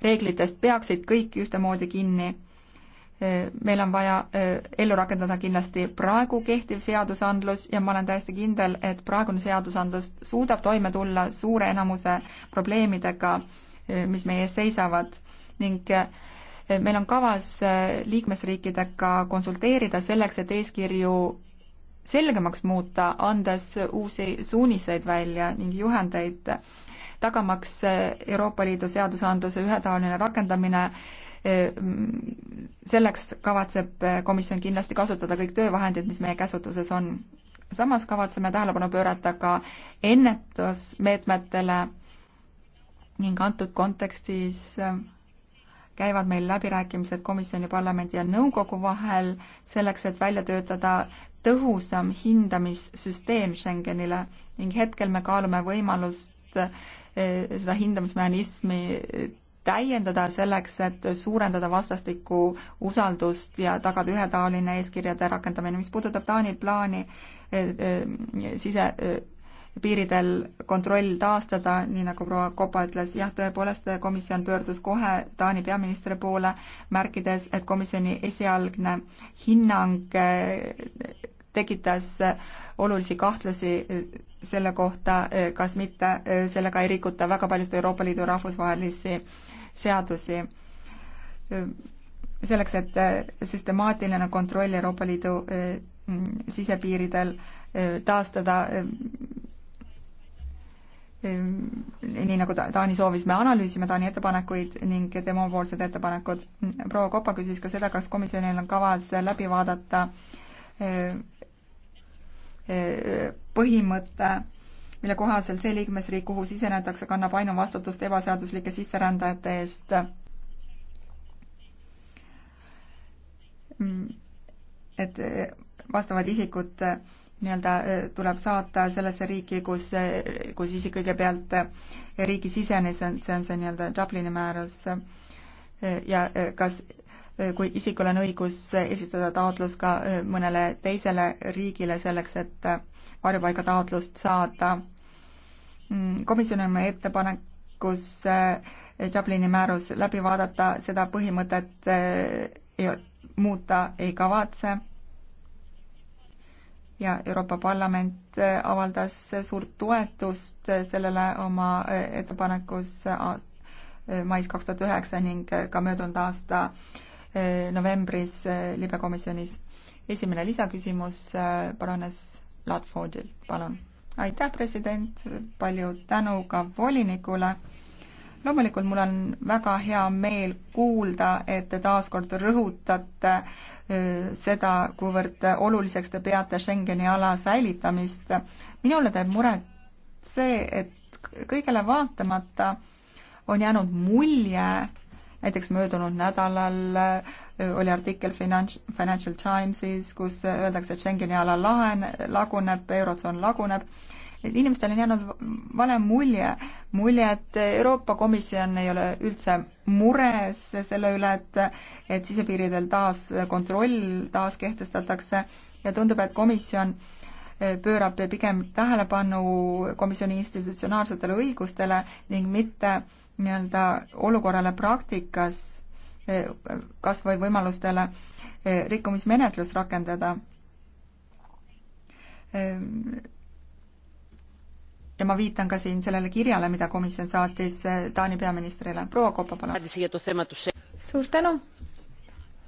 reeglitest peaksid kõik ühtemoodi kinni. Eh, meil on vaja ellu rakendada kindlasti praegu kehtiv seadusandlus ja ma olen täiesti kindel, et praegune seadusandlus suudab toime tulla suure enamuse probleemidega Eh, mis meie ees seisavad ning eh, meil on kavas eh, liikmesriikidega konsulteerida selleks, et eeskirju selgemaks muuta, andes uusi suuniseid välja ning juhendeid, tagamaks Euroopa Liidu seadusandluse ühetaoline rakendamine, mm, selleks kavatseb komisjon kindlasti kasutada kõik töövahendid, mis meie käsutuses on. samas kavatseme tähelepanu pöörata ka ennetusmeetmetele ning antud kontekstis äh, käivad meil läbirääkimised komisjoni, parlamendi ja nõukogu vahel selleks, et välja töötada tõhusam hindamissüsteem Schengenile ning hetkel me kaalume võimalust äh, seda hindamismehhanismi äh, täiendada selleks, et suurendada vastastikku usaldust ja tagada ühetaoline eeskirjade rakendamine. mis puudutab Taani plaani sise piiridel kontroll taastada, nii nagu proua Kopa ütles, jah, tõepoolest komisjon pöördus kohe Taani peaministri poole, märkides, et komisjoni esialgne hinnang eh, tekitas eh, olulisi kahtlusi eh, selle kohta, kas mitte sellega ei rikuta väga paljusid Euroopa Liidu rahvusvahelisi seadusi selleks, et süstemaatiline kontroll Euroopa Liidu mm, sisepiiridel taastada, Ehm, nii nagu Taani soovis, me analüüsime Taani ettepanekuid ning temapoolsed ettepanekud. proua Kopa küsis ka seda, kas komisjonil on kavas läbi vaadata ehm, ehm, põhimõte, mille kohaselt see liikmesriik, kuhu sisenetakse, kannab ainuvastutust ebaseaduslike sisserändajate eest. et eh, vastavad isikud nii-öelda eh, tuleb saata sellesse riiki, kus, eh, kus isik kõigepealt eh, riigi sisenes, see on see nii-öelda Dublini määrus ja kas, kui isikul on õigus esitada taotlus ka mõnele teisele riigile selleks, et varjupaigataotlust saada. Mm, komisjon on oma ettepanekus Dublini määrus läbi vaadata, seda põhimõtet ei, muuta ei kavatse ja Euroopa Parlament äh, avaldas suurt toetust äh, sellele oma äh, ettepanekus mais kaks tuhat üheksa ning ka möödunud aasta novembris libekomisjonis. esimene lisaküsimus paranes Ladfordilt, palun. aitäh, president, palju tänu ka volinikule. loomulikult mul on väga hea meel kuulda, et te taas kord rõhutate Äh, seda, kuivõrd oluliseks te peate Schengeni ala säilitamist. minule teeb muret see, et kõigele vaatamata on jäänud mulje, näiteks möödunud nädalal äh, oli artikkel Finans-, Financial Timesis, kus öeldakse, et Schengeni ala lahen-, laguneb, eurotsoon laguneb et inimestele on jäänud vale mulje, mulje, et Euroopa Komisjon ei ole üldse mures selle üle, et, et sisepiiridel taas kontroll taas kehtestatakse ja tundub, et komisjon pöörab pigem tähelepanu komisjoni institutsionaalsetele õigustele ning mitte nii-öelda olukorrale praktikas, kas või võimalustele rikkumismenetlus rakendada ja ma viitan ka siin sellele kirjale, mida komisjon saatis eh, Taani peaministrile. proua Kopa, palun. suur tänu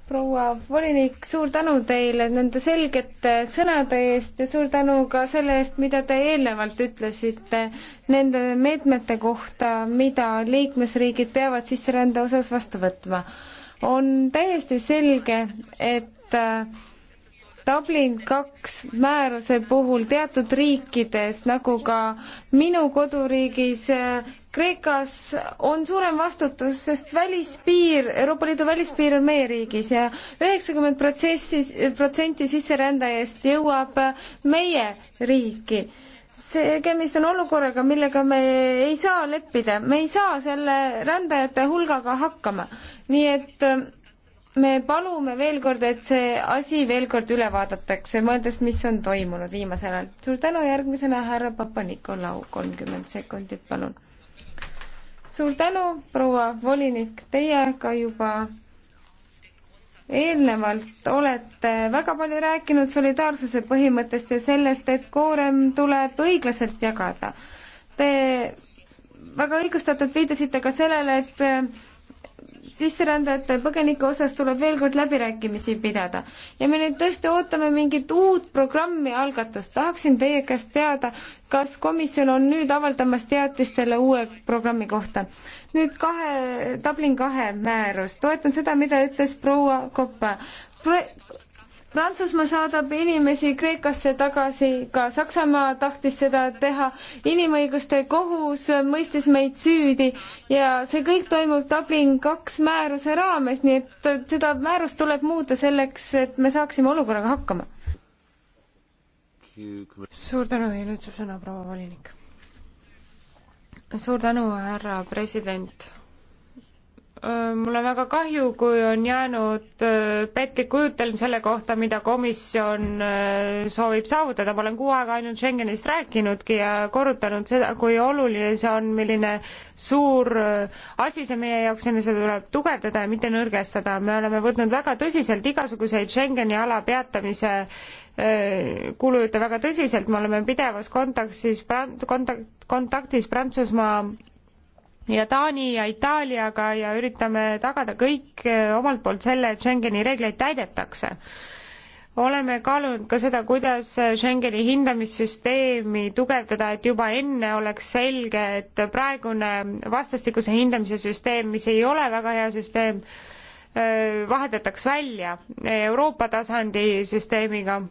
proua volinik, suur tänu teile nende selgete sõnade eest ja suur tänu ka selle eest, mida te eelnevalt ütlesite nende meetmete kohta, mida liikmesriigid peavad sisserände osas vastu võtma. on täiesti selge, et äh, Dublin kaks määruse puhul teatud riikides, nagu ka minu koduriigis äh, Kreekas, on suurem vastutus, sest välispiir, Euroopa Liidu välispiir on meie riigis ja üheksakümmend protsessi, protsenti sisserändajast jõuab äh, meie riiki tegemist on olukorraga, millega me ei saa leppida, me ei saa selle rändajate hulgaga hakkama. nii et äh, me palume veel kord, et see asi veel kord üle vaadatakse, mõeldes, mis on toimunud viimasel ajal. suur tänu, järgmisena härra Papa-Nikolau, kolmkümmend sekundit, palun. suur tänu, proua volinik, teie ka juba eelnevalt olete väga palju rääkinud solidaarsuse põhimõttest ja sellest, et koorem tuleb õiglaselt jagada. Te väga õigustatult viitasite ka sellele, et sisserändajate põgenike osas tuleb veel kord läbirääkimisi pidada. ja me nüüd tõesti ootame mingit uut programmi algatust. tahaksin teie käest teada, kas komisjon on nüüd avaldamas teatist selle uue programmi kohta. nüüd kahe, Dublin kahe määrus, toetan seda, mida ütles proua Koppa Pro Prantsusmaa saadab inimesi Kreekasse tagasi, ka Saksamaa tahtis seda teha. inimõiguste kohus mõistis meid süüdi ja see kõik toimub Dublin kaks määruse raames, nii et seda määrust tuleb muuta selleks, et me saaksime olukorraga hakkama. suur tänu ja nüüd saab sõna proua volinik. suur tänu, härra president Äh, mul on väga kahju, kui on jäänud äh, petlik kujutelm selle kohta, mida komisjon äh, soovib saavutada. ma olen kuu aega ainult Schengenist rääkinudki ja korrutanud seda, kui oluline see on, milline suur asi see meie jaoks on ja seda tuleb tugevdada ja mitte nõrgestada. me oleme võtnud väga tõsiselt igasuguseid Schengeni ala peatamise kulujutte väga tõsiselt, me oleme pidevas kontaktis, kontak-, kontaktis Prantsusmaa ja Taani ja Itaaliaga ja üritame tagada kõik eh, omalt poolt selle, et Schengeni reegleid täidetakse. oleme kaalunud ka seda, kuidas eh, Schengeni hindamissüsteemi tugevdada, et juba enne oleks selge, et praegune vastastikuse hindamise süsteem, mis ei ole väga hea süsteem, eh, vahetataks välja Euroopa tasandi süsteemiga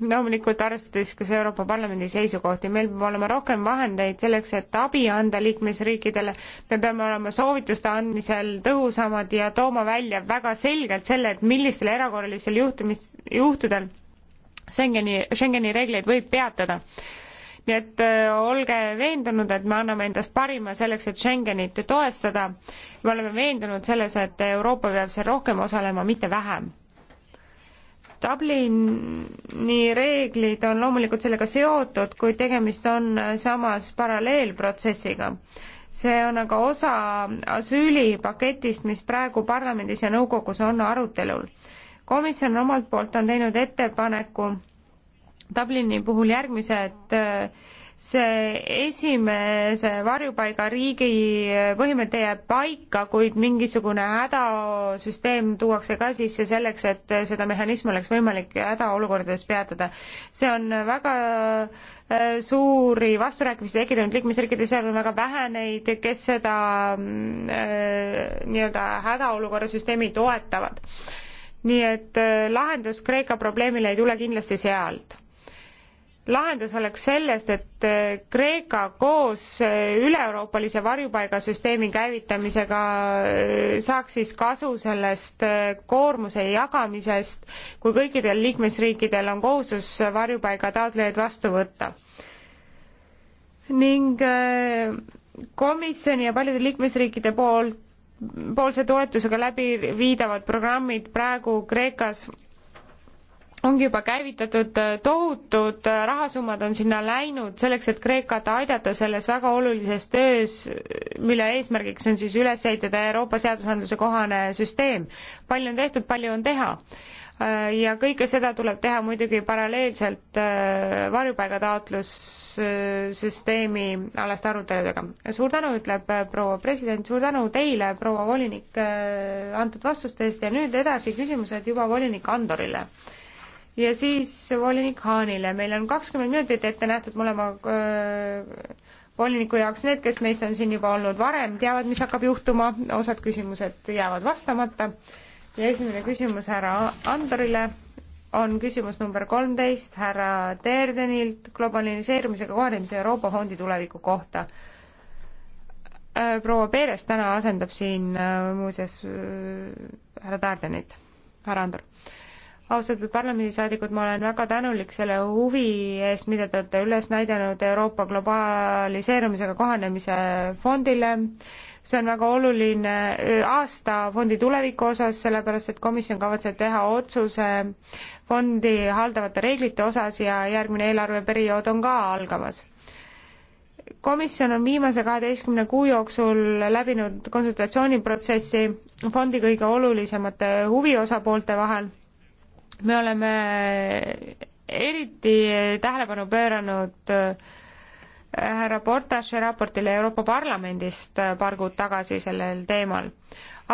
loomulikult arvestades ka Euroopa Parlamendi seisukohti, meil peab olema rohkem vahendeid selleks, et abi anda liikmesriikidele, me peame olema soovituste andmisel tõhusamad ja tooma välja väga selgelt selle, et millistel erakorralistel juhtumis, juhtudel Schengeni, Schengeni reegleid võib peatada. nii et äh, olge veendunud, et me anname endast parima selleks, et Schengenit toestada. me oleme veendunud selles, et Euroopa peab seal rohkem osalema, mitte vähem Dublini reeglid on loomulikult sellega seotud, kuid tegemist on samas paralleelprotsessiga. see on aga osa asüülipaketist, mis praegu parlamendis ja nõukogus on arutelul. komisjon omalt poolt on teinud ettepaneku Dublini puhul järgmised et äh, see esimese varjupaigariigi põhimõte jääb paika, kuid mingisugune hädasüsteem tuuakse ka sisse selleks, et seda mehhanismi oleks võimalik hädaolukordades peatada. see on väga äh, suuri vasturääkimisi tekitanud liikmesriikide seal on väga vähe neid, kes seda äh, nii-öelda hädaolukorra süsteemi toetavad. nii et äh, lahendus Kreeka probleemile ei tule kindlasti sealt lahendus oleks sellest, et eh, Kreeka koos eh, üle-euroopalise varjupaigasüsteemi käivitamisega eh, saaks siis kasu sellest koormuse jagamisest, kui kõikidel liikmesriikidel on kohustus varjupaiga taotlejaid vastu võtta. ning komisjoni ja paljude liikmesriikide poolt poolse toetusega läbi viidavad programmid praegu Kreekas ongi juba käivitatud äh, tohutud äh, rahasummad on sinna läinud selleks, et Kreekat aidata selles väga olulises töös, mille eesmärgiks on siis üles ehitada Euroopa seadusandluse kohane süsteem. palju on tehtud, palju on teha. Äh, ja kõike seda tuleb teha muidugi paralleelselt varjupaigataotlussüsteemi alaste aruteludega. suur tänu, ütleb proua president, suur tänu teile, proua volinik, antud vastuste eest ja nüüd edasi küsimused juba volinik Andorile ja siis volinik Haanile. meil on kakskümmend minutit ette nähtud mõlema voliniku jaoks, need, kes meist on siin juba olnud varem, teavad, mis hakkab juhtuma, osad küsimused jäävad vastamata ja esimene küsimus härra Andorile on küsimus number kolmteist härra Teerdenilt globaliseerumisega kohanemise Euroopa fondi tuleviku kohta. proua Peeres täna asendab siin muuseas härra Taardenit. härra Andor austatud parlamendisaadikud, ma olen väga tänulik selle huvi eest, mida te olete üles näidanud Euroopa globaliseerumisega kohanemise fondile. see on väga oluline äh, aasta fondi tuleviku osas, sellepärast et komisjon kavatseb teha otsuse fondi haldavate reeglite osas ja järgmine eelarveperiood on ka algamas komisjon on viimase kaheteistkümne kuu jooksul läbinud konsultatsiooniprotsessi fondi kõige olulisemate huviosapoolte vahel me oleme eriti tähelepanu pööranud äh, härra Portaši raportile Euroopa Parlamendist äh, paar kuud tagasi sellel teemal.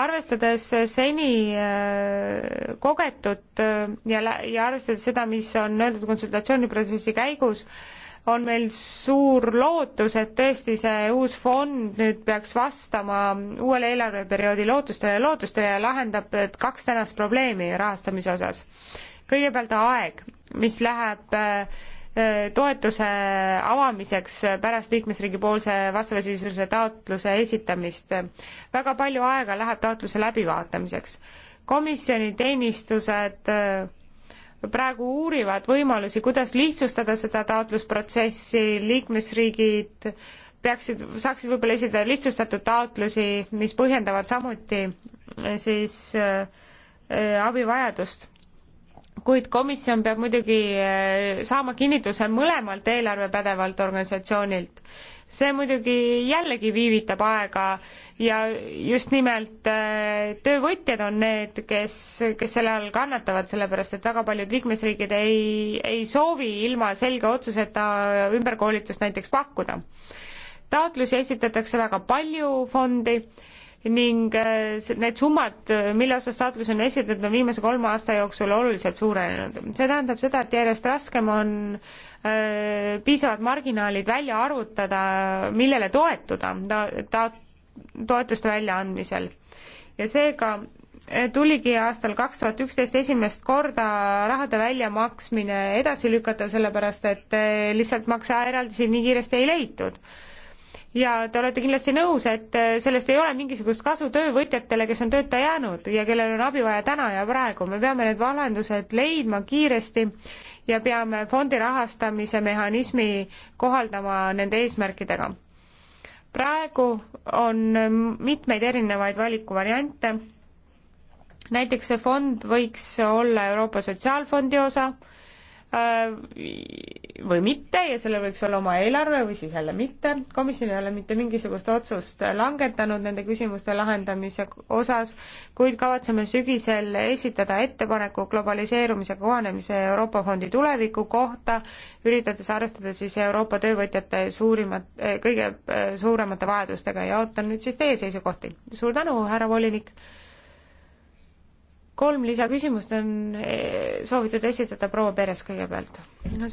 arvestades seni äh, kogetut ja, ja arvestades seda, mis on öeldud konsultatsiooniprotsessi käigus, on meil suur lootus, et tõesti see uus fond nüüd peaks vastama uuele eelarveperioodi lootustele ja lootustele ja lahendab kaks tänast probleemi rahastamise osas. kõigepealt aeg, mis läheb äh, toetuse avamiseks pärast liikmesriigi poolse vastavasisulise taotluse esitamist. väga palju aega läheb taotluse läbivaatamiseks. komisjoni teenistused äh, praegu uurivad võimalusi, kuidas lihtsustada seda taotlusprotsessi, liikmesriigid peaksid, saaksid võib-olla esitada lihtsustatud taotlusi, mis põhjendavad samuti eh, siis eh, eh, abivajadust kuid komisjon peab muidugi eh, saama kinnituse mõlemalt eelarvepädevalt organisatsioonilt. see muidugi jällegi viivitab aega ja just nimelt eh, töövõtjad on need, kes, kes selle all kannatavad, sellepärast et väga paljud liikmesriigid ei, ei soovi ilma selge otsuseta ümberkoolitust näiteks pakkuda. taotlusi esitatakse väga palju fondi ning äh, need summad, mille osas taotlus on esitatud, on viimase kolme aasta jooksul oluliselt suurenenud. see tähendab seda, et järjest raskem on öö, äh, piisavad marginaalid välja arvutada, millele toetuda ta-, ta-, toetuste väljaandmisel. ja seega äh, tuligi aastal kaks tuhat üksteist esimest korda rahade väljamaksmine edasi lükata, sellepärast et lihtsalt makseeraldisi nii kiiresti ei leitud ja te olete kindlasti nõus, et äh, sellest ei ole mingisugust kasu töövõtjatele, kes on tööta jäänud ja kellel on abi vaja täna ja praegu. me peame need lahendused leidma kiiresti ja peame fondi rahastamise mehhanismi kohaldama nende eesmärkidega. praegu on mitmeid erinevaid valikuvariante. näiteks see fond võiks olla Euroopa Sotsiaalfondi osa Äh, või mitte ja sellel võiks olla oma eelarve või siis jälle mitte. komisjon ei ole mitte mingisugust otsust langetanud nende küsimuste lahendamise osas, kuid kavatseme sügisel esitada ettepaneku globaliseerumise kohanemise Euroopa Fondi tuleviku kohta, üritades arvestada siis Euroopa töövõtjate suurimat, kõige suuremate vajadustega ja ootan nüüd siis teie seisukohti. suur tänu, härra volinik! kolm lisaküsimust on eh, soovitud esitada proua Peres kõigepealt.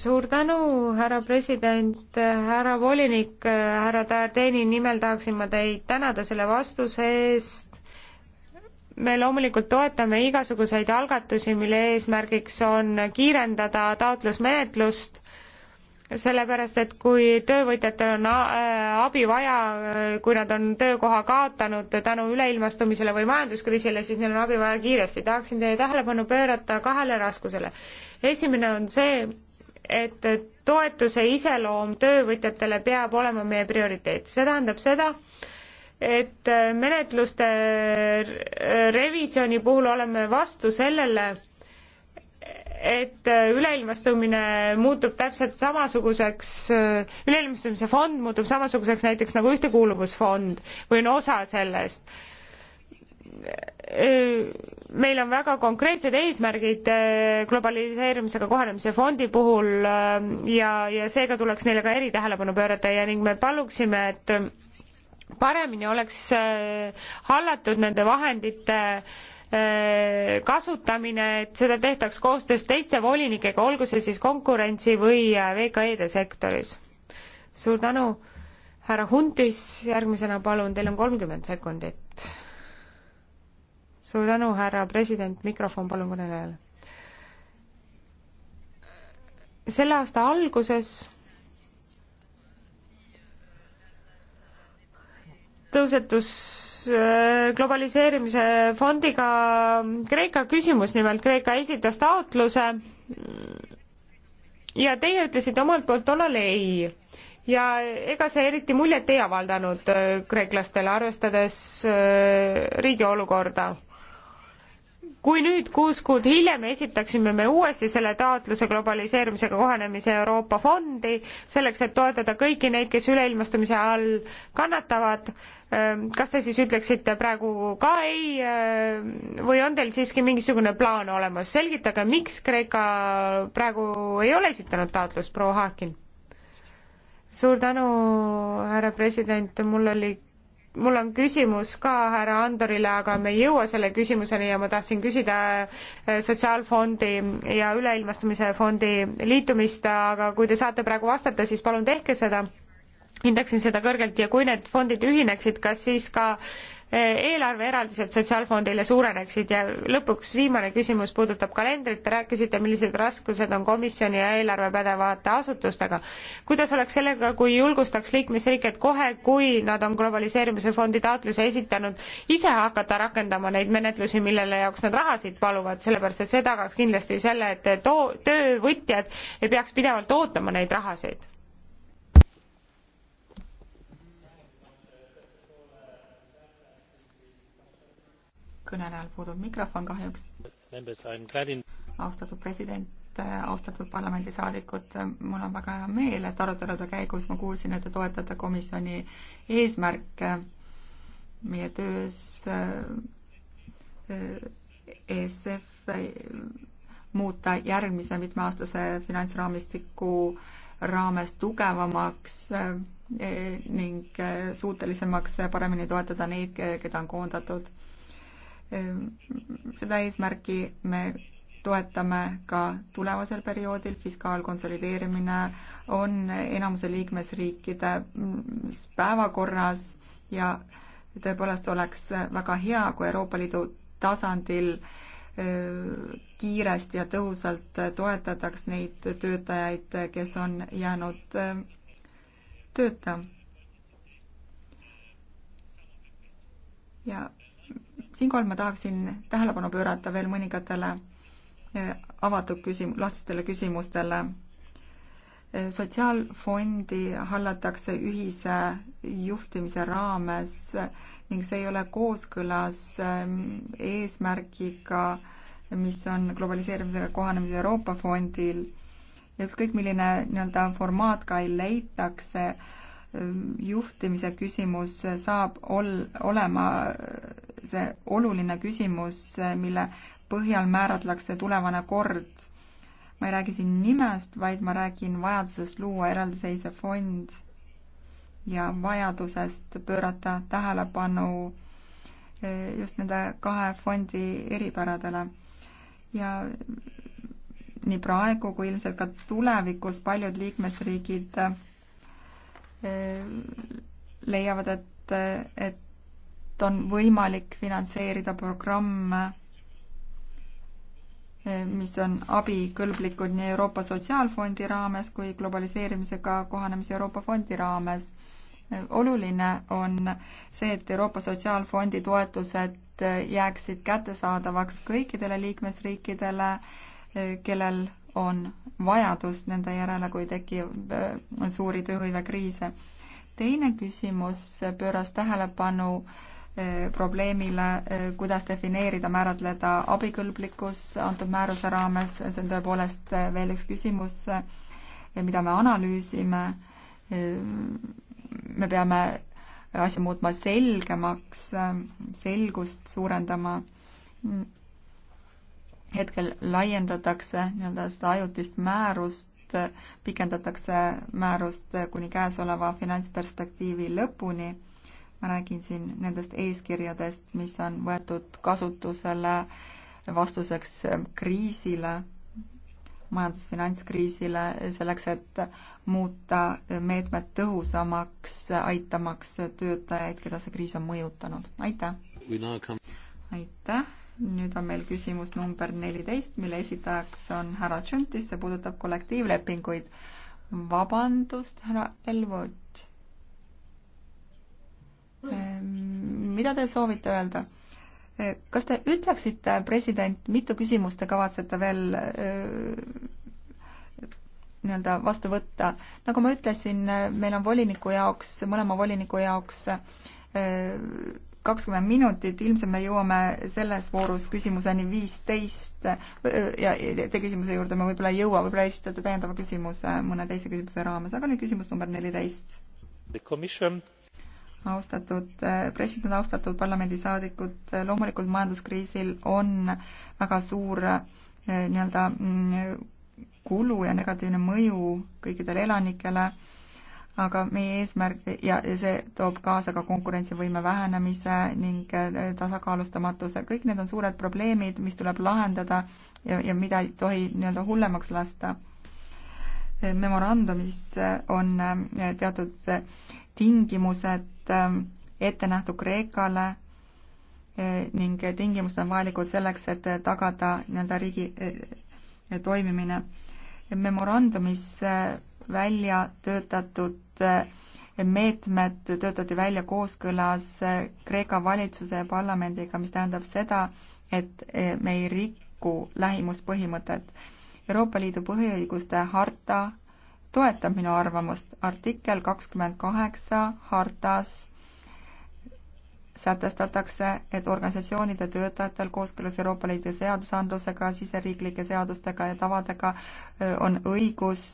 suur tänu, härra president, härra volinik, härra Tardeni nimel tahaksin ma teid tänada selle vastuse eest. me loomulikult toetame igasuguseid algatusi, mille eesmärgiks on kiirendada taotlusmenetlust sellepärast et kui töövõtjatel on äh, abi vaja, äh, kui nad on töökoha kaotanud tänu üleilmastumisele või majanduskriisile, siis neil on abi vaja kiiresti. tahaksin teie tähelepanu pöörata kahele raskusele. esimene on see, et toetuse iseloom töövõtjatele peab olema meie prioriteet, see tähendab seda, et äh, menetluste revisjoni puhul oleme vastu sellele, et äh, üleilmastumine muutub täpselt samasuguseks, äh, üleilmastumise fond muutub samasuguseks näiteks nagu ühtekuuluvusfond või on osa sellest. Äh, meil on väga konkreetsed eesmärgid globaliseerimisega kohanemise fondi puhul ja, ja seega tuleks neile ka eritähelepanu pöörata ja ning me paluksime, et paremini oleks hallatud nende vahendite äh, kasutamine, et seda tehtaks koostöös teiste volinikega, olgu see siis konkurentsi või äh, VKE-de sektoris. suur tänu, härra Huntis, järgmisena palun, teil on kolmkümmend sekundit. suur tänu, härra president, mikrofon palun kõnelejale. selle aasta alguses tõusetus äh, globaliseerimise fondiga Kreeka küsimus, nimelt Kreeka esitas taotluse ja teie ütlesite omalt poolt tollal ei. ja ega see eriti muljet ei avaldanud äh, kreeklastele, arvestades äh, riigi olukorda kui nüüd kuus kuud hiljem esitaksime me uuesti selle taotluse globaliseerumisega kohanemise Euroopa fondi selleks, et toetada kõiki neid, kes üleilmastumise all kannatavad, ähm, kas te siis ütleksite praegu ka ei ähm, või on teil siiski mingisugune plaan olemas? selgitage, miks Kreeka praegu ei ole esitanud taotlust, proua Haakin? suur tänu, härra president, mul oli mul on küsimus ka härra Andorile, aga me ei jõua selle küsimuseni ja ma tahtsin küsida äh, Sotsiaalfondi ja Üleilmastumise Fondi liitumist, aga kui te saate praegu vastata, siis palun tehke seda hindaksin seda kõrgelt ja kui need fondid ühineksid, kas siis ka eelarveeraldised Sotsiaalfondile suureneksid ja lõpuks viimane küsimus puudutab kalendrit, te rääkisite, millised raskused on komisjoni ja eelarvepädevate asutustega. kuidas oleks sellega, kui julgustaks liikmesriike, et kohe, kui nad on globaliseerimise fondi taotluse esitanud, ise hakata rakendama neid menetlusi, millele jaoks nad rahasid paluvad, sellepärast et see tagaks kindlasti selle, et too, töövõtjad ei peaks pidevalt ootama neid rahasid kõnelejal puudub mikrofon kahjuks. austatud president, austatud parlamendisaadikud, mul on väga hea meel, et arutelude käigus ma kuulsin, et te toetate komisjoni eesmärke meie töös äh, ESF muuta järgmise mitmeaastase finantsraamistiku raames tugevamaks äh, ning äh, suutelisemaks paremini toetada neid, keda on koondatud Ehm, seda eesmärki me toetame ka tulevasel perioodil, fiskaalkonsolideerimine on enamuse liikmesriikide mm, päevakorras ja tõepoolest oleks väga hea, kui Euroopa Liidu tasandil ehm, kiiresti ja tõhusalt toetataks neid töötajaid, kes on jäänud ehm, tööta. ja siinkohal ma tahaksin tähelepanu pöörata veel mõningatele eh, avatud küsim-, lahtistele küsimustele. Eh, sotsiaalfondi hallatakse ühise juhtimise raames eh, ning see ei ole kooskõlas eesmärgiga, mis on globaliseerimisega kohanemise Euroopa fondil ja ükskõik, milline nii-öelda formaat ka ei leitakse, Ehm, juhtimise küsimus saab ol-, olema äh, see oluline küsimus, äh, mille põhjal määratletakse tulevane kord. ma ei räägi siin nimest, vaid ma räägin vajadusest luua eraldiseisev fond ja vajadusest pöörata tähelepanu äh, just nende kahe fondi eripäradele. ja nii praegu kui ilmselt ka tulevikus paljud liikmesriigid Äh, leiavad, et, et on võimalik finantseerida programme, äh, mis on abikõlblikud nii Euroopa Sotsiaalfondi raames kui globaliseerimisega kohanemise Euroopa Fondi raames. Äh, oluline on see, et Euroopa Sotsiaalfondi toetused jääksid kättesaadavaks kõikidele liikmesriikidele, kellel on vajadus nende järele, kui tekib äh, suuri tööhõivekriise. teine küsimus pööras tähelepanu äh, probleemile, äh, kuidas defineerida, määratleda abikõlblikkus antud määruse raames, see on tõepoolest veel üks küsimus, mida me analüüsime. me peame asja muutma selgemaks, selgust suurendama hetkel laiendatakse nii-öelda seda ajutist määrust, pikendatakse määrust kuni käesoleva finantsperspektiivi lõpuni. ma räägin siin nendest eeskirjadest, mis on võetud kasutusele vastuseks kriisile, majandusfinantskriisile, selleks, et muuta meetmed tõhusamaks, aitamaks töötajaid, keda see kriis on mõjutanud. aitäh! aitäh! nüüd on meil küsimus number neliteist, mille esitajaks on härra Tšuntis, see puudutab kollektiivlepinguid. vabandust, härra Elvot. Ehm, mida te soovite öelda? Eh, kas te ütleksite, president, mitu küsimust te kavatsete veel eh, nii-öelda vastu võtta? nagu ma ütlesin, eh, meil on voliniku jaoks, mõlema voliniku jaoks öö, kakskümmend minutit, ilmselt me jõuame selles voorus küsimuseni viisteist ja teie küsimuse juurde ma võib-olla ei jõua, võib-olla esitate täiendava küsimuse mõne teise küsimuse raames, aga nüüd küsimus number neliteist. austatud äh, president, austatud parlamendisaadikud, äh, loomulikult majanduskriisil on väga suur äh, nii-öelda mm, kulu ja negatiivne mõju kõikidele elanikele aga meie eesmärk ja see toob kaasa ka konkurentsivõime vähenemise ning äh, tasakaalustamatuse, kõik need on suured probleemid, mis tuleb lahendada ja, ja mida ei tohi nii-öelda hullemaks lasta. Äh, memorandumis on äh, teatud tingimused ette nähtud Kreekale ning tingimused on vajalikud selleks, et tagada nii-öelda riigi toimimine. memorandumis välja töötatud meetmed töötati välja kooskõlas Kreeka valitsuse ja parlamendiga, mis tähendab seda, et e, me ei riku lähimuspõhimõtet. Euroopa Liidu põhiõiguste harta toetab minu arvamust. artikkel kakskümmend kaheksa hartas sätestatakse, et organisatsioonide töötajatel kooskõlas Euroopa Liidu seadusandlusega, siseriiklike seadustega ja tavadega on õigus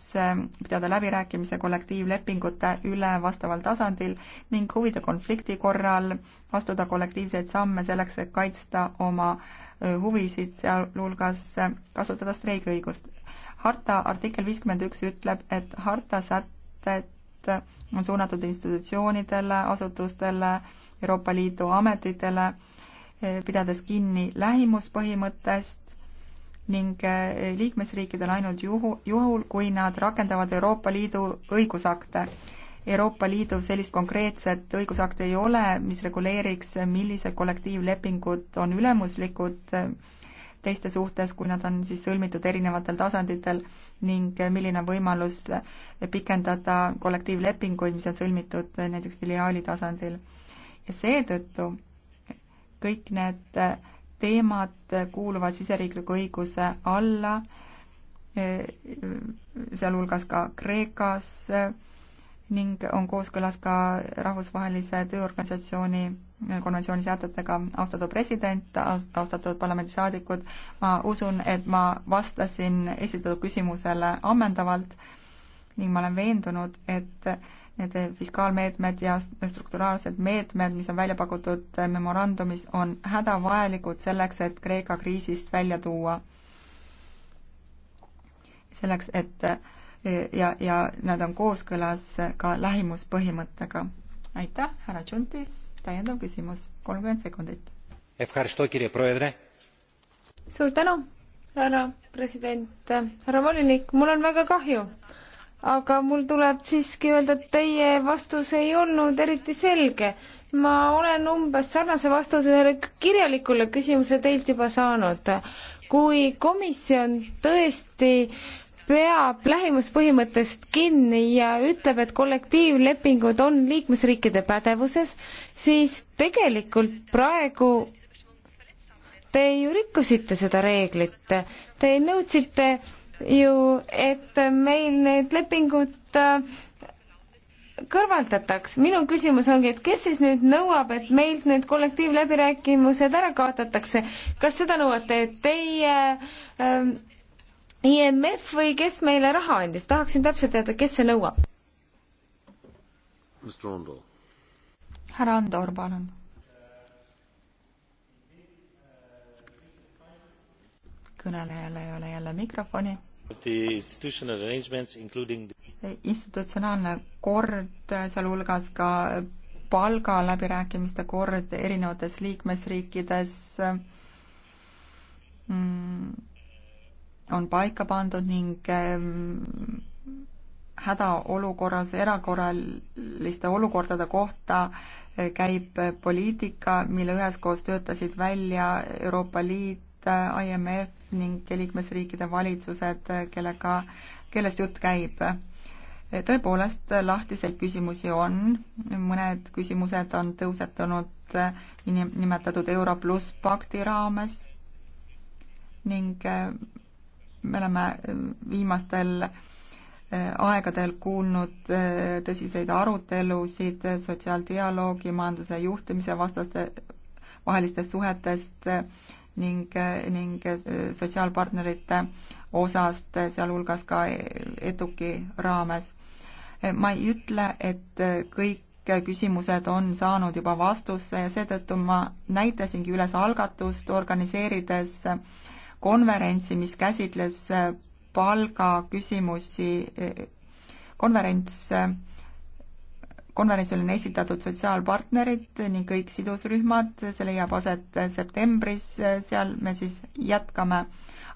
pidada läbirääkimisi kollektiivlepingute üle vastaval tasandil ning huvide konflikti korral astuda kollektiivseid samme selleks, et kaitsta oma huvisid, sealhulgas kasutada streigiõigust. harta artikkel viiskümmend üks ütleb, et harta sätted on suunatud institutsioonidele, asutustele, Euroopa Liidu ametitele, eh, pidades kinni lähimuspõhimõttest ning eh, liikmesriikidel ainult juhu, juhul, kui nad rakendavad Euroopa Liidu õigusakte. Euroopa Liidus sellist konkreetset õigusakti ei ole, mis reguleeriks, millised kollektiivlepingud on ülemuslikud eh, teiste suhtes, kui nad on siis sõlmitud erinevatel tasanditel ning milline on võimalus pikendada kollektiivlepinguid, mis on sõlmitud näiteks filiaali tasandil ja seetõttu kõik need teemad kuuluvad siseriikliku õiguse alla, e, sealhulgas ka Kreekas ning on kooskõlas ka Rahvusvahelise Tööorganisatsiooni konventsiooni sätetega. austatud president, austatud parlamendisaadikud, ma usun, et ma vastasin esitatud küsimusele ammendavalt ning ma olen veendunud, et need fiskaalmeetmed ja strukturaalsed meetmed, mis on välja pakutud memorandumis, on hädavajalikud selleks, et Kreeka kriisist välja tuua. selleks, et ja, ja nad on kooskõlas ka lähimuspõhimõttega. aitäh, härra Tšuntis, täiendav küsimus, kolmkümmend sekundit. suur tänu, härra president, härra volinik, mul on väga kahju aga mul tuleb siiski öelda, et teie vastus ei olnud eriti selge. ma olen umbes sarnase vastuse ühele kirjalikule küsimusele teilt juba saanud. kui komisjon tõesti peab lähimuspõhimõttest kinni ja ütleb, et kollektiivlepingud on liikmesriikide pädevuses, siis tegelikult praegu te ju rikkusite seda reeglit. Te nõudsite ju, et meil need lepingud äh, kõrvaldataks. minu küsimus ongi, et kes siis nüüd nõuab, et meilt need kollektiivläbirääkimused ära kaotatakse? kas seda nõuate teie ähm, IMF või kes meile raha andis? tahaksin täpselt teada, kes see nõuab. härra Andor, palun kõnelejal ei ole jälle mikrofoni. institutsionaalne kord, sealhulgas ka palgaläbirääkimiste kord erinevates liikmesriikides mm, on paika pandud ning mm, hädaolukorras erakorraliste olukordade kohta eh, käib poliitika, mille üheskoos töötasid välja Euroopa Liit, et äh, IMF ning liikmesriikide valitsused, äh, kellega, kellest jutt käib. Äh, tõepoolest, lahtiseid küsimusi on, mõned küsimused on tõusetunud nimetatud Euro pluss pakti raames ning me oleme viimastel aegadel kuulnud tõsiseid arutelusid sotsiaaldialoogi, majanduse juhtimise vastaste, vahelistest suhetest, ning, ning sotsiaalpartnerite osast, sealhulgas ka eduki raames. ma ei ütle, et kõik küsimused on saanud juba vastuse ja seetõttu ma näitasingi üles algatust, organiseerides konverentsi, mis käsitles palgaküsimusi, konverents konverentsil on esitatud sotsiaalpartnerid ning kõik sidusrühmad, see leiab aset septembris, seal me siis jätkame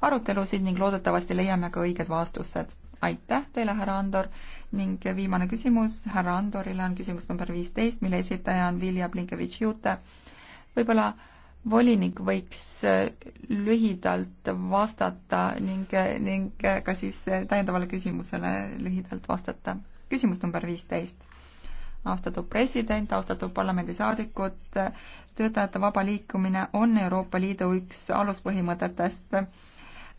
arutelusid ning loodetavasti leiame ka õiged vastused. aitäh teile, härra Andor ning viimane küsimus härra Andorile on küsimus number viisteist, mille esitaja on Vilja Blinkevitš-Jute. võib-olla volinik võiks äh, lühidalt vastata ning, ning ka siis täiendavale küsimusele lühidalt vastata. küsimus number viisteist austatud president, austatud parlamendisaadikud, töötajate vaba liikumine on Euroopa Liidu üks aluspõhimõtetest.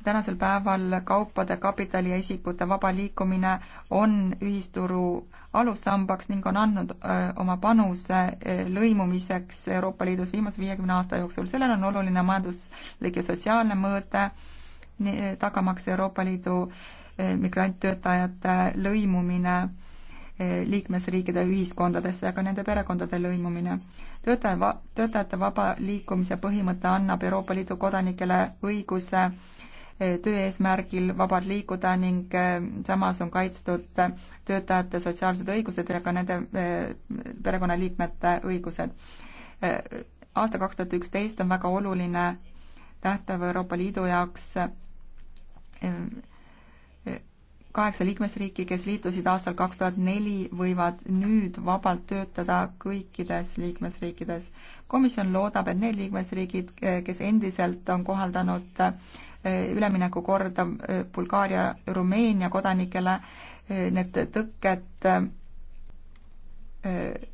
tänasel päeval kaupade, kapitali ja isikute vaba liikumine on ühisturu alussambaks ning on andnud oma panuse lõimumiseks Euroopa Liidus viimase viiekümne aasta jooksul. sellel on oluline majanduslik ja sotsiaalne mõõde, tagamaks Euroopa Liidu migranttöötajate lõimumine liikmesriikide ühiskondadesse ja ka nende perekondade lõimumine. töötaja, töötajate vaba liikumise põhimõte annab Euroopa Liidu kodanikele õiguse eh, töö eesmärgil vabalt liikuda ning eh, samas on kaitstud töötajate sotsiaalsed õigused ja ka nende eh, perekonnaliikmete õigused. aasta kaks tuhat üksteist on väga oluline tähtpäev Euroopa Liidu jaoks kaheksa liikmesriiki, kes liitusid aastal kaks tuhat neli, võivad nüüd vabalt töötada kõikides liikmesriikides. komisjon loodab, et need liikmesriigid, kes endiselt on kohaldanud eh, üleminekukorda eh, Bulgaaria, Rumeenia kodanikele, eh, need tõkked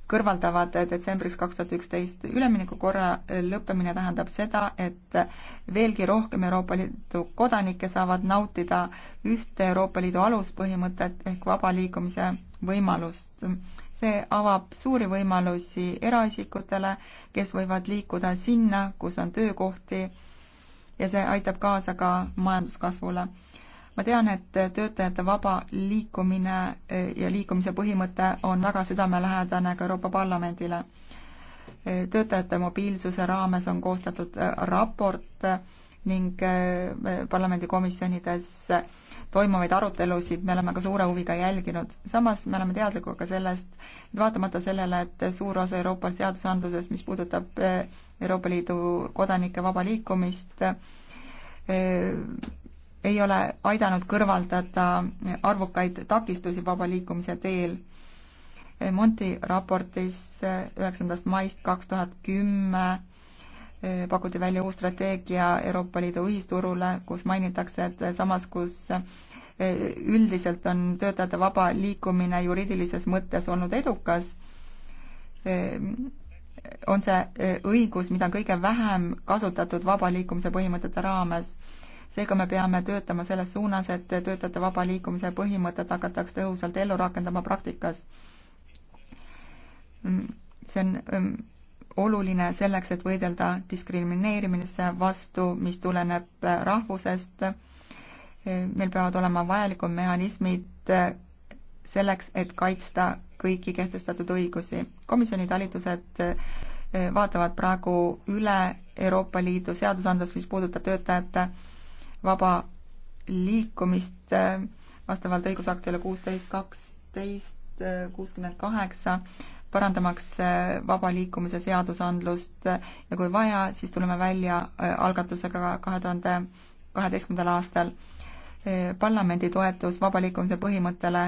kõrvaldavad detsembris kaks tuhat üksteist. üleminekukorra lõppemine tähendab seda, et veelgi rohkem Euroopa Liidu kodanikke saavad nautida ühte Euroopa Liidu aluspõhimõtet ehk vaba liikumise võimalust. see avab suuri võimalusi eraisikutele, kes võivad liikuda sinna, kus on töökohti ja see aitab kaasa ka majanduskasvule ma tean, et töötajate vaba liikumine e, ja liikumise põhimõte on väga südamelähedane ka Euroopa Parlamendile. E, töötajate mobiilsuse raames on koostatud e, raport ning parlamendikomisjonides toimuvaid arutelusid me oleme ka suure huviga jälginud. samas me oleme teadlikud ka sellest, et vaatamata sellele, et suur osa Euroopa seadusandlusest, mis puudutab Euroopa Liidu kodanike vaba liikumist, ei ole aidanud kõrvaldada arvukaid takistusi vaba liikumise teel. Monti raportis üheksandast maist kaks tuhat kümme pakuti välja uus strateegia Euroopa Liidu ühisturule, kus mainitakse, et samas, kus üldiselt on töötajate vaba liikumine juriidilises mõttes olnud edukas, on see õigus, mida on kõige vähem kasutatud vaba liikumise põhimõtete raames seega me peame töötama selles suunas, et töötajate vaba liikumise põhimõtet hakataks tõhusalt ellu rakendama praktikas. Mm, see on mm, oluline selleks, et võidelda diskrimineerimise vastu, mis tuleneb äh, rahvusest. Äh, meil peavad olema vajalikud mehhanismid äh, selleks, et kaitsta kõiki kehtestatud õigusi. komisjoni talitused vaatavad praegu üle Euroopa Liidu seadusandlust, mis puudutab töötajate vaba liikumist äh, vastavalt õigusaktile kuusteist, kaksteist, äh, kuuskümmend kaheksa, parandamaks äh, vaba liikumise seadusandlust ja kui vaja, siis tuleme välja algatusega kahe tuhande kaheteistkümnendal aastal. parlamendi toetus vaba liikumise põhimõttele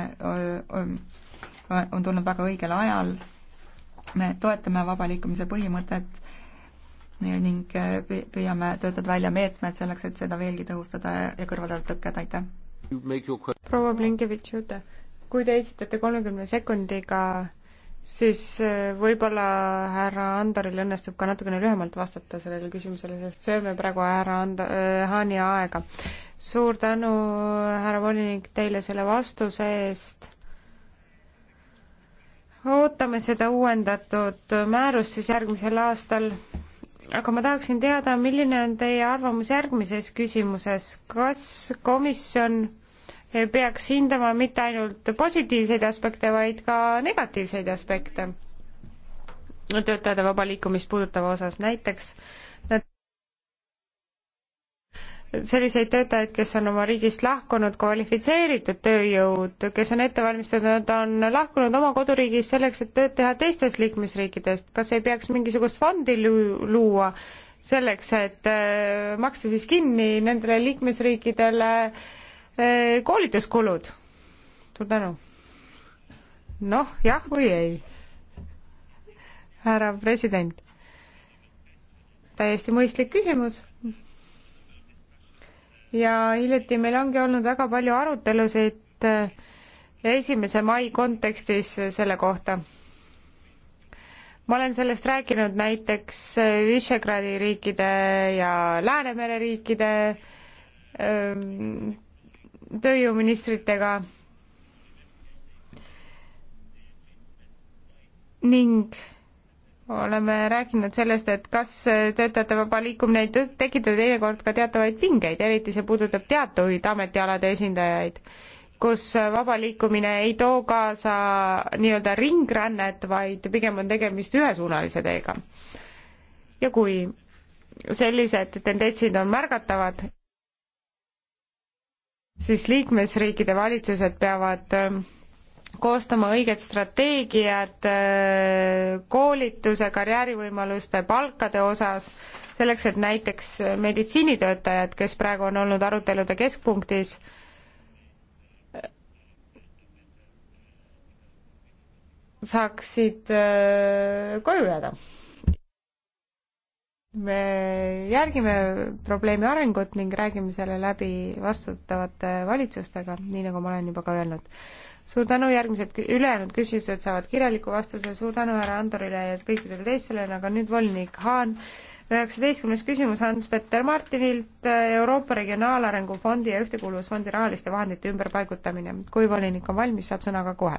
on tulnud väga õigel ajal. me toetame vaba liikumise põhimõtet ning eh, püüame töötada välja meetmed selleks, et seda veelgi tõhustada ja kõrvaldada tõkked, aitäh. proua Blinkevitš, Jute, kui te esitate kolmekümne sekundiga, siis eh, võib-olla härra Andoril õnnestub ka natukene lühemalt vastata sellele küsimusele, sest sööme praegu härra Ando-, Haani eh, aega. suur tänu, härra volinik, teile selle vastuse eest ootame seda uuendatud määrust siis järgmisel aastal aga ma tahaksin teada, milline on teie arvamus järgmises küsimuses, kas komisjon peaks hindama mitte ainult positiivseid aspekte, vaid ka negatiivseid aspekte töötajate vaba liikumist puudutava osas, näiteks äh, selliseid töötajaid, kes on oma riigist lahkunud, kvalifitseeritud tööjõud, kes on ette valmistatud, on lahkunud oma koduriigist selleks, et tööd teha teistes liikmesriikides. kas ei peaks mingisugust fondi luua selleks, et äh, maksta siis kinni nendele liikmesriikidele äh, koolituskulud? suur tänu. noh, jah või ei? härra president, täiesti mõistlik küsimus ja hiljuti meil ongi olnud väga palju arutelusid äh, esimese mai kontekstis selle kohta. ma olen sellest rääkinud näiteks äh, Visegradi riikide ja Läänemere riikide ähm, tööjõuministritega ning oleme rääkinud sellest, et kas töötajate vaba liikumine ei tekita teinekord ka teatavaid pingeid, eriti see puudutab teatuid ametialade esindajaid, kus vaba liikumine ei too kaasa nii-öelda ringrännet, vaid pigem on tegemist ühesuunalise teega. ja kui sellised tendentsid on märgatavad, siis liikmesriikide valitsused peavad ähm, koostama õiged strateegiad äh, koolituse, karjäärivõimaluste, palkade osas, selleks et näiteks meditsiinitöötajad, kes praegu on olnud arutelude keskpunktis, saaksid äh, koju jääda. me järgime probleemi arengut ning räägime selle läbi vastutavate valitsustega, nii nagu ma olen juba ka öelnud suur tänu, järgmised ülejäänud küsimused saavad kirjaliku vastuse, suur tänu härra Andorile ja kõikidele teistele, aga nagu nüüd volinik Haan. üheksateistkümnes küsimus Hans-Peter Martinilt, Euroopa Regionaalarengu Fondi ja Ühtekuuluvusfondi rahaliste vahendite ümberpaigutamine. kui volinik on valmis, saab sõna ka kohe.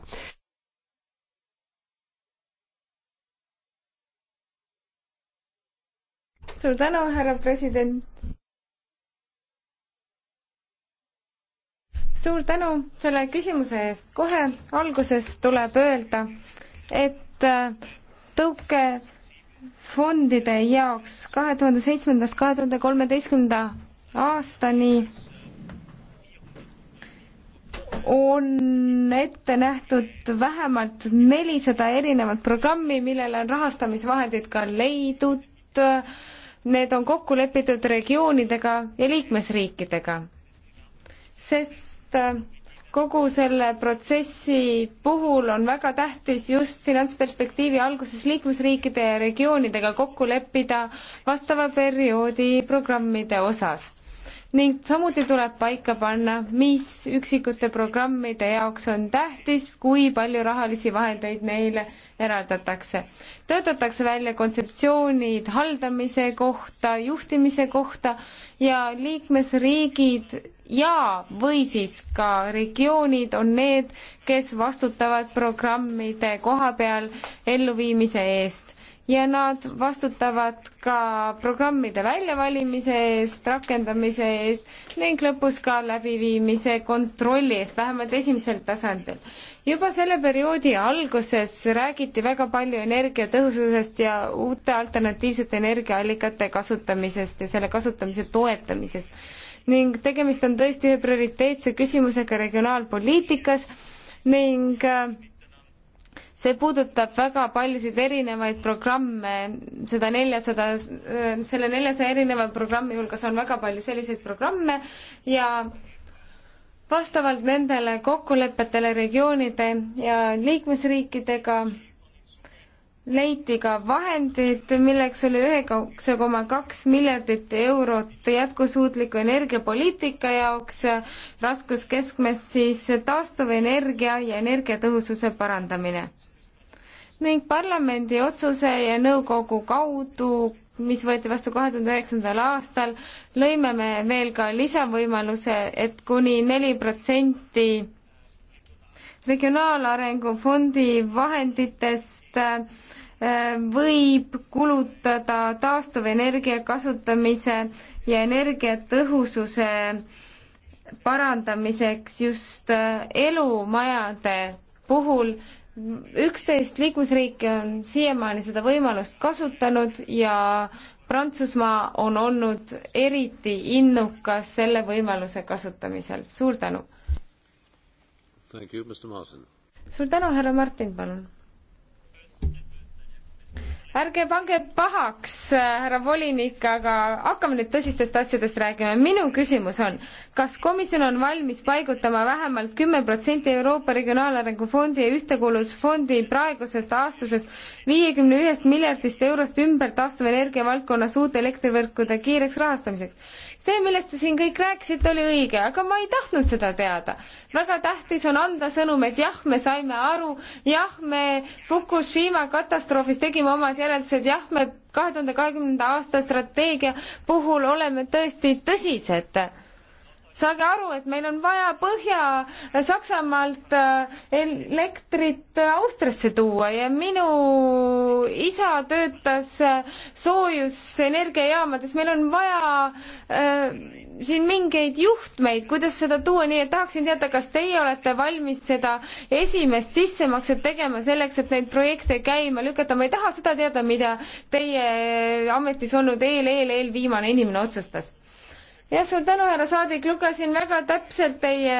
suur tänu, härra president suur tänu selle küsimuse eest. kohe alguses tuleb öelda, et äh, tõukefondide jaoks kahe tuhande seitsmendast kahe tuhande kolmeteistkümnenda aastani on ette nähtud vähemalt nelisada erinevat programmi, millele on rahastamisvahendid ka leidnud. Need on kokku lepitud regioonidega ja liikmesriikidega, sest et äh, kogu selle protsessi puhul on väga tähtis just finantsperspektiivi alguses liikmesriikide ja regioonidega kokku leppida vastava perioodi programmide osas ning samuti tuleb paika panna, mis üksikute programmide jaoks on tähtis, kui palju rahalisi vahendeid neile eraldatakse. töötatakse välja kontseptsioonid haldamise kohta, juhtimise kohta ja liikmesriigid ja, või siis ka regioonid on need, kes vastutavad programmide koha peal elluviimise eest ja nad vastutavad ka programmide väljavalimise eest, rakendamise eest ning lõpus ka läbiviimise kontrolli eest, vähemalt esimesel tasandil. juba selle perioodi alguses räägiti väga palju energiatõhususest ja uute alternatiivsete energiaallikate kasutamisest ja selle kasutamise toetamisest ning tegemist on tõesti ühe prioriteetse küsimusega regionaalpoliitikas ning äh, see puudutab väga paljusid erinevaid programme, seda neljasada, äh, selle neljasaja erineva programmi hulgas on väga palju selliseid programme ja vastavalt nendele kokkulepetele regioonide ja liikmesriikidega leiti ka vahendid, milleks oli üheksa koma kaks miljardit eurot jätkusuutliku energiapoliitika jaoks, raskuskeskmes siis taastuvenergia ja energiatõhususe parandamine. ning parlamendi otsuse ja nõukogu kaudu mis võeti vastu kahe tuhande üheksandal aastal, lõime me veel ka lisavõimaluse, et kuni neli protsenti regionaalarengu fondi vahenditest äh, võib kulutada taastuvenergia kasutamise ja energiatõhususe parandamiseks just äh, elumajade puhul. üksteist liikmesriiki on siiamaani seda võimalust kasutanud ja Prantsusmaa on olnud eriti innukas selle võimaluse kasutamisel. suur tänu! suur tänu, härra Martin, palun! ärge pange pahaks, äh, härra volinik, aga hakkame nüüd tõsistest asjadest rääkima. minu küsimus on, kas komisjon on valmis paigutama vähemalt kümme protsenti Euroopa Regionaalarengu Fondi ja Ühtekuuluvusfondi praegusest aastasest viiekümne ühest miljardist eurost ümber taastuvenergia valdkonnas uute elektrivõrkude kiireks rahastamiseks? see, millest te siin kõik rääkisite, oli õige, aga ma ei tahtnud seda teada. väga tähtis on anda sõnum, et jah, me saime aru, jah, me Fukushima katastroofis tegime omad järeldused, jah, me kahe tuhande kahekümnenda aasta strateegia puhul oleme tõesti tõsised saage aru, et meil on vaja Põhja-Saksamaalt äh, elektrit äh, Austriasse tuua ja minu isa töötas äh, soojusenergiajaamades, meil on vaja äh, siin mingeid juhtmeid, kuidas seda tuua, nii et tahaksin teada, kas teie olete valmis seda esimest sissemakset tegema selleks, et neid projekte käima lükata, ma ei taha seda teada, mida teie ametis olnud eel, eel, eelviimane inimene otsustas jah, suur tänu, härra saadik, lugesin väga täpselt teie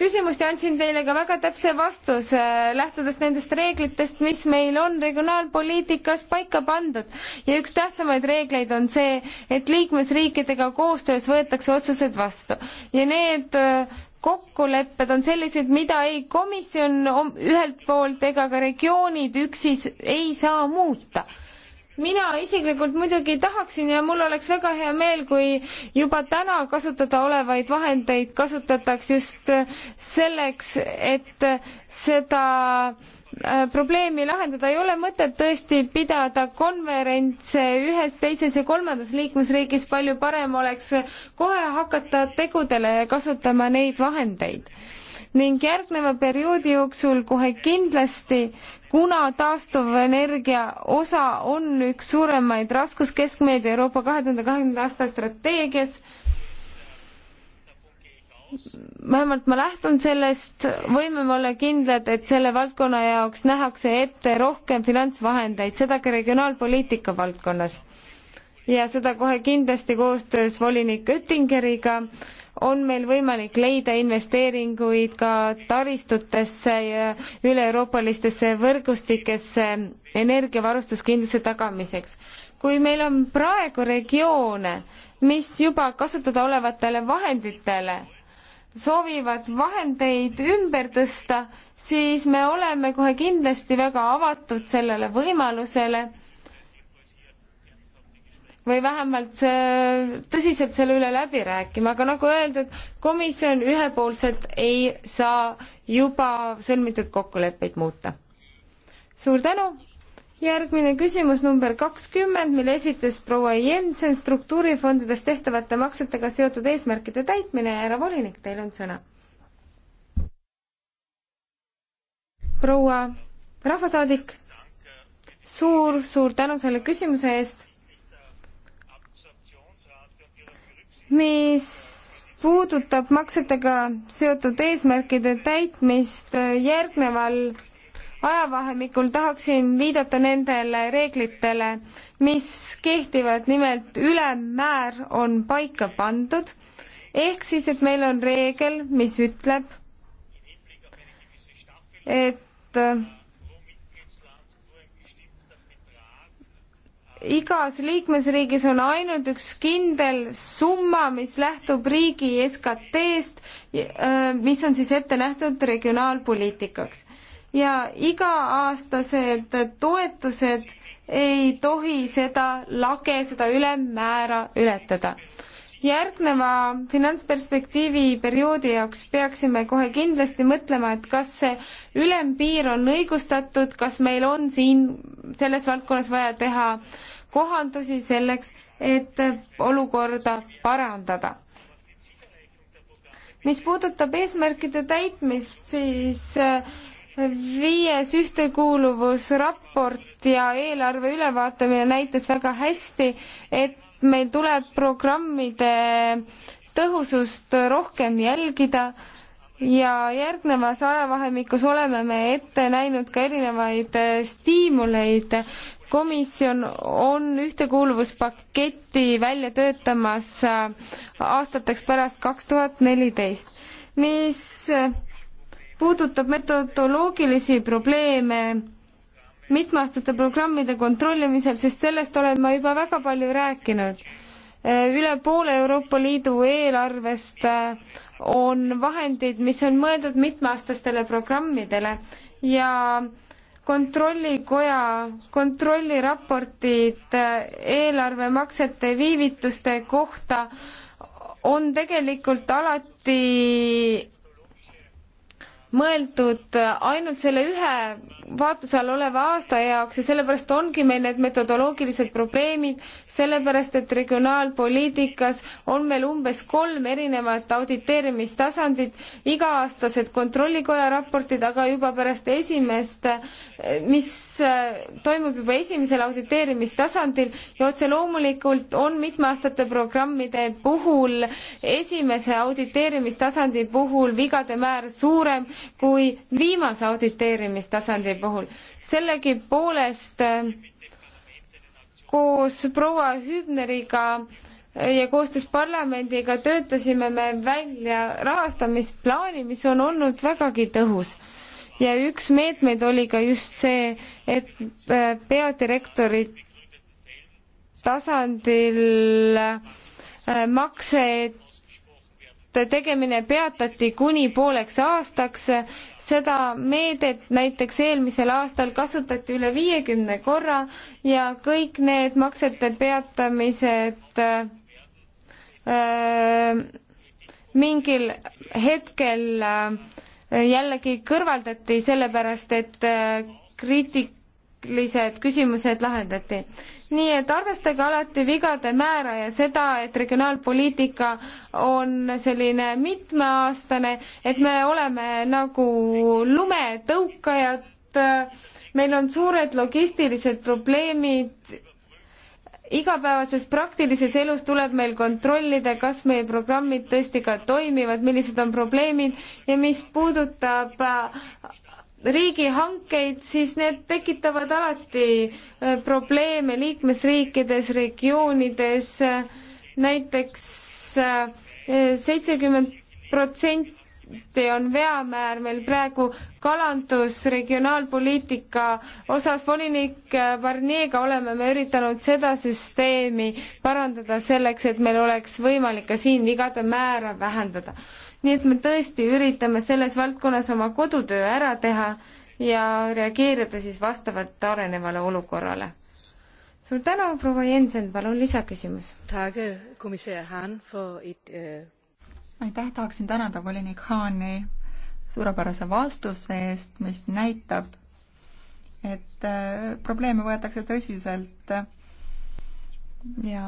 küsimust ja andsin teile ka väga täpse vastuse, äh, lähtudes nendest reeglitest, mis meil on regionaalpoliitikas paika pandud. ja üks tähtsamaid reegleid on see, et liikmesriikidega koostöös võetakse otsused vastu ja need äh, kokkulepped on sellised, mida ei komisjon ühelt poolt ega ka regioonid üksis ei saa muuta mina isiklikult muidugi tahaksin ja mul oleks väga hea meel, kui juba täna kasutada olevaid vahendeid kasutataks just äh, selleks, et äh, seda äh, probleemi lahendada, ei ole mõtet tõesti pidada konverentse ühes, teises ja kolmandas liikmesriigis, palju parem oleks kohe hakata tegudele ja kasutama neid vahendeid ning järgneva perioodi jooksul kohe kindlasti, kuna taastuvenergia osa on üks suuremaid raskuskeskmeid Euroopa kahe tuhande kahekümnenda aasta strateegias, vähemalt ma lähtun sellest, võime me olla kindlad, et selle valdkonna jaoks nähakse ette rohkem finantsvahendeid, seda ka regionaalpoliitika valdkonnas. ja seda kohe kindlasti koostöös volinik Oettingeriga, on meil võimalik leida investeeringuid ka taristutesse ja üle-euroopalistesse võrgustikesse energiavarustuskindluse tagamiseks. kui meil on praegu regioone, mis juba kasutada olevatele vahenditele soovivad vahendeid ümber tõsta, siis me oleme kohe kindlasti väga avatud sellele võimalusele või vähemalt äh, tõsiselt selle üle läbi rääkima, aga nagu öeldud, komisjon ühepoolselt ei saa juba sõlmitud kokkuleppeid muuta. suur tänu! järgmine küsimus number kakskümmend, mille esitas proua Jensen, struktuurifondides tehtavate maksetega seotud eesmärkide täitmine ja härra volinik, teil on sõna. proua rahvasaadik suur,, suur-suur tänu selle küsimuse eest mis puudutab maksetega seotud eesmärkide täitmist järgneval ajavahemikul tahaksin viidata nendele reeglitele, mis kehtivad, nimelt ülemmäär on paika pandud, ehk siis, et meil on reegel, mis ütleb, et igas liikmesriigis on ainult üks kindel summa, mis lähtub riigi SKT-st, mis on siis ette nähtud regionaalpoliitikaks. ja iga-aastased toetused ei tohi seda lage, seda ülemmäära ületada järgneva finantsperspektiivi perioodi jaoks peaksime kohe kindlasti mõtlema, et kas see ülempiir on õigustatud, kas meil on siin selles valdkonnas vaja teha kohandusi selleks, et olukorda parandada. mis puudutab eesmärkide täitmist, siis äh, viies ühtekuuluvusraport ja eelarve ülevaatamine näitas väga hästi, et meil tuleb programmide tõhusust rohkem jälgida ja järgnevas ajavahemikus oleme me ette näinud ka erinevaid äh, stiimuleid. komisjon on ühtekuuluvuspaketti välja töötamas äh, aastateks pärast kaks tuhat neliteist, mis äh, puudutab metodoloogilisi probleeme mitmeaastate programmide kontrollimisel, sest sellest olen ma juba väga palju rääkinud. Äh, üle poole Euroopa Liidu eelarvest äh, on vahendid, mis on mõeldud mitmeaastastele programmidele ja kontrollikoja kontrolliraportid äh, eelarvemaksete viivituste kohta on tegelikult alati mõeldud ainult selle ühe vaatluse all oleva aasta jaoks ja sellepärast ongi meil need metodoloogilised probleemid, sellepärast et regionaalpoliitikas on meil umbes kolm erinevat auditeerimistasandit, iga-aastased kontrollikoja raportid, aga juba pärast esimest, mis toimub juba esimesel auditeerimistasandil ja otse loomulikult on mitmeaastate programmide puhul esimese auditeerimistasandi puhul vigade määr suurem kui viimase auditeerimistasandi puhul. sellegipoolest äh, koos proua Hübneriga äh, ja koostöös parlamendiga töötasime me välja rahastamisplaani, mis on olnud vägagi tõhus. ja üks meetmeid oli ka just see, et äh, peadirektorid tasandil makseid tegemine peatati kuni pooleks aastaks. seda meedet näiteks eelmisel aastal kasutati üle viiekümne korra ja kõik need maksete peatamised äh, mingil hetkel äh, jällegi kõrvaldati, sellepärast et äh, kriitik olulised küsimused lahendati. nii et arvestage alati vigade määra ja seda, et regionaalpoliitika on selline mitmeaastane, et me oleme nagu lumetõukajad, meil on suured logistilised probleemid, igapäevases praktilises elus tuleb meil kontrollida, kas meie programmid tõesti ka toimivad, millised on probleemid ja mis puudutab riigihankeid, siis need tekitavad alati äh, probleeme liikmesriikides, regioonides, äh, näiteks äh, seitsekümmend protsenti on veamäär meil praegu kalandus, regionaalpoliitika osas volinik Barnier'ga oleme me üritanud seda süsteemi parandada selleks, et meil oleks võimalik ka siin vigade määra vähendada nii et me tõesti üritame selles valdkonnas oma kodutöö ära teha ja reageerida siis vastavalt arenevale olukorrale. suur tänu, proua Jensen, palun lisaküsimus. Äh, aitäh, tahaksin tänada volinik Haani suurepärase vastuse eest, mis näitab, et äh, probleeme võetakse tõsiselt ja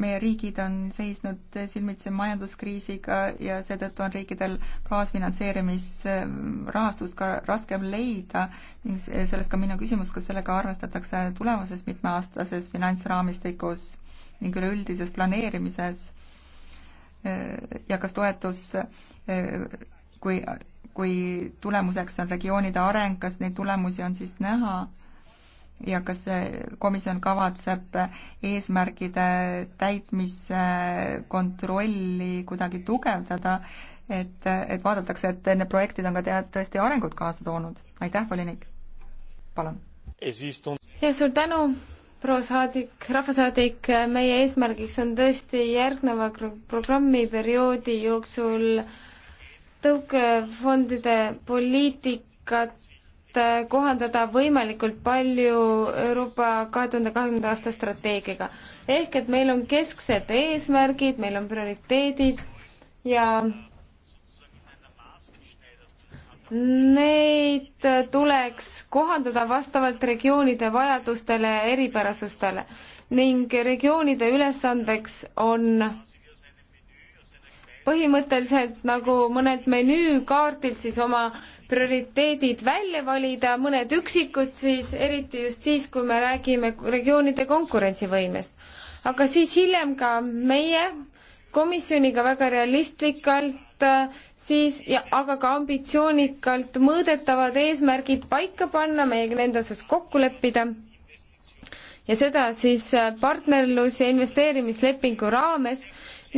meie riigid on seisnud silmitsi majanduskriisiga ja seetõttu on riikidel kaasfinantseerimisrahastust ka raskem leida ning sellest ka minu küsimus, kas sellega arvestatakse tulevases mitmeaastases finantsraamistikus ning üleüldises planeerimises ja kas toetus, kui, kui tulemuseks on regioonide areng, kas neid tulemusi on siis näha? ja kas komisjon kavatseb eesmärgide täitmise kontrolli kuidagi tugevdada, et, et vaadatakse, et need projektid on ka tead, tõesti arengut kaasa toonud. aitäh, volinik. palun. ja suur tänu, proua saadik, rahvasaadik, meie eesmärgiks on tõesti järgneva programmiperioodi jooksul tõukefondide poliitikat Äh, kohandada võimalikult palju Euroopa kahe tuhande kahekümnenda aasta strateegiaga. ehk et meil on kesksed eesmärgid, meil on prioriteedid ja Neid tuleks kohandada vastavalt regioonide vajadustele ja eripärasustele ning regioonide ülesandeks on põhimõtteliselt nagu mõned menüükaardid siis oma prioriteedid välja valida, mõned üksikud siis, eriti just siis, kui me räägime regioonide konkurentsivõimest. aga siis hiljem ka meie komisjoniga väga realistlikult siis ja aga ka ambitsioonikalt mõõdetavad eesmärgid paika panna, meiega nende osas kokku leppida. ja seda siis partnerlus- ja investeerimislepingu raames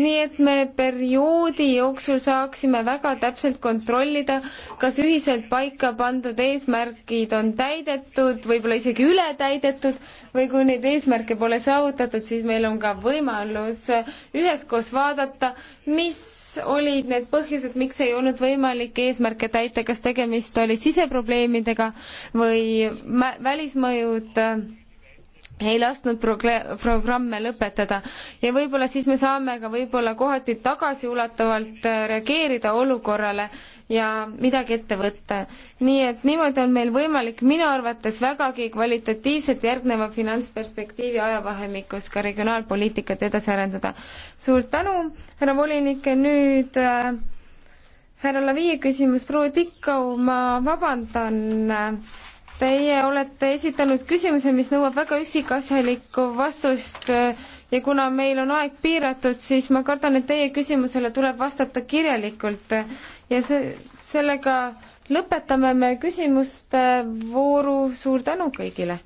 nii et me perioodi jooksul saaksime väga täpselt kontrollida, kas ühiselt paika pandud eesmärgid on täidetud, võib-olla isegi ületäidetud või kui neid eesmärke pole saavutatud, siis meil on ka võimalus üheskoos vaadata, mis olid need põhjused, miks ei olnud võimalik eesmärke täita, kas tegemist oli siseprobleemidega või välismõjud ei lasknud programme lõpetada ja võib-olla siis me saame ka võib-olla kohati tagasiulatavalt äh, reageerida olukorrale ja midagi ette võtta. nii et niimoodi on meil võimalik minu arvates vägagi kvalitatiivselt järgneva finantsperspektiivi ajavahemikus ka regionaalpoliitikat edasi arendada. suur tänu, härra volinik, nüüd äh, härra Lavie küsimus, proua Tikkau, ma vabandan äh, Teie olete esitanud küsimuse, mis nõuab väga üksikasjalikku vastust ja kuna meil on aeg piiratud, siis ma kardan, et teie küsimusele tuleb vastata kirjalikult ja see, sellega lõpetame me küsimuste vooru, suur tänu kõigile!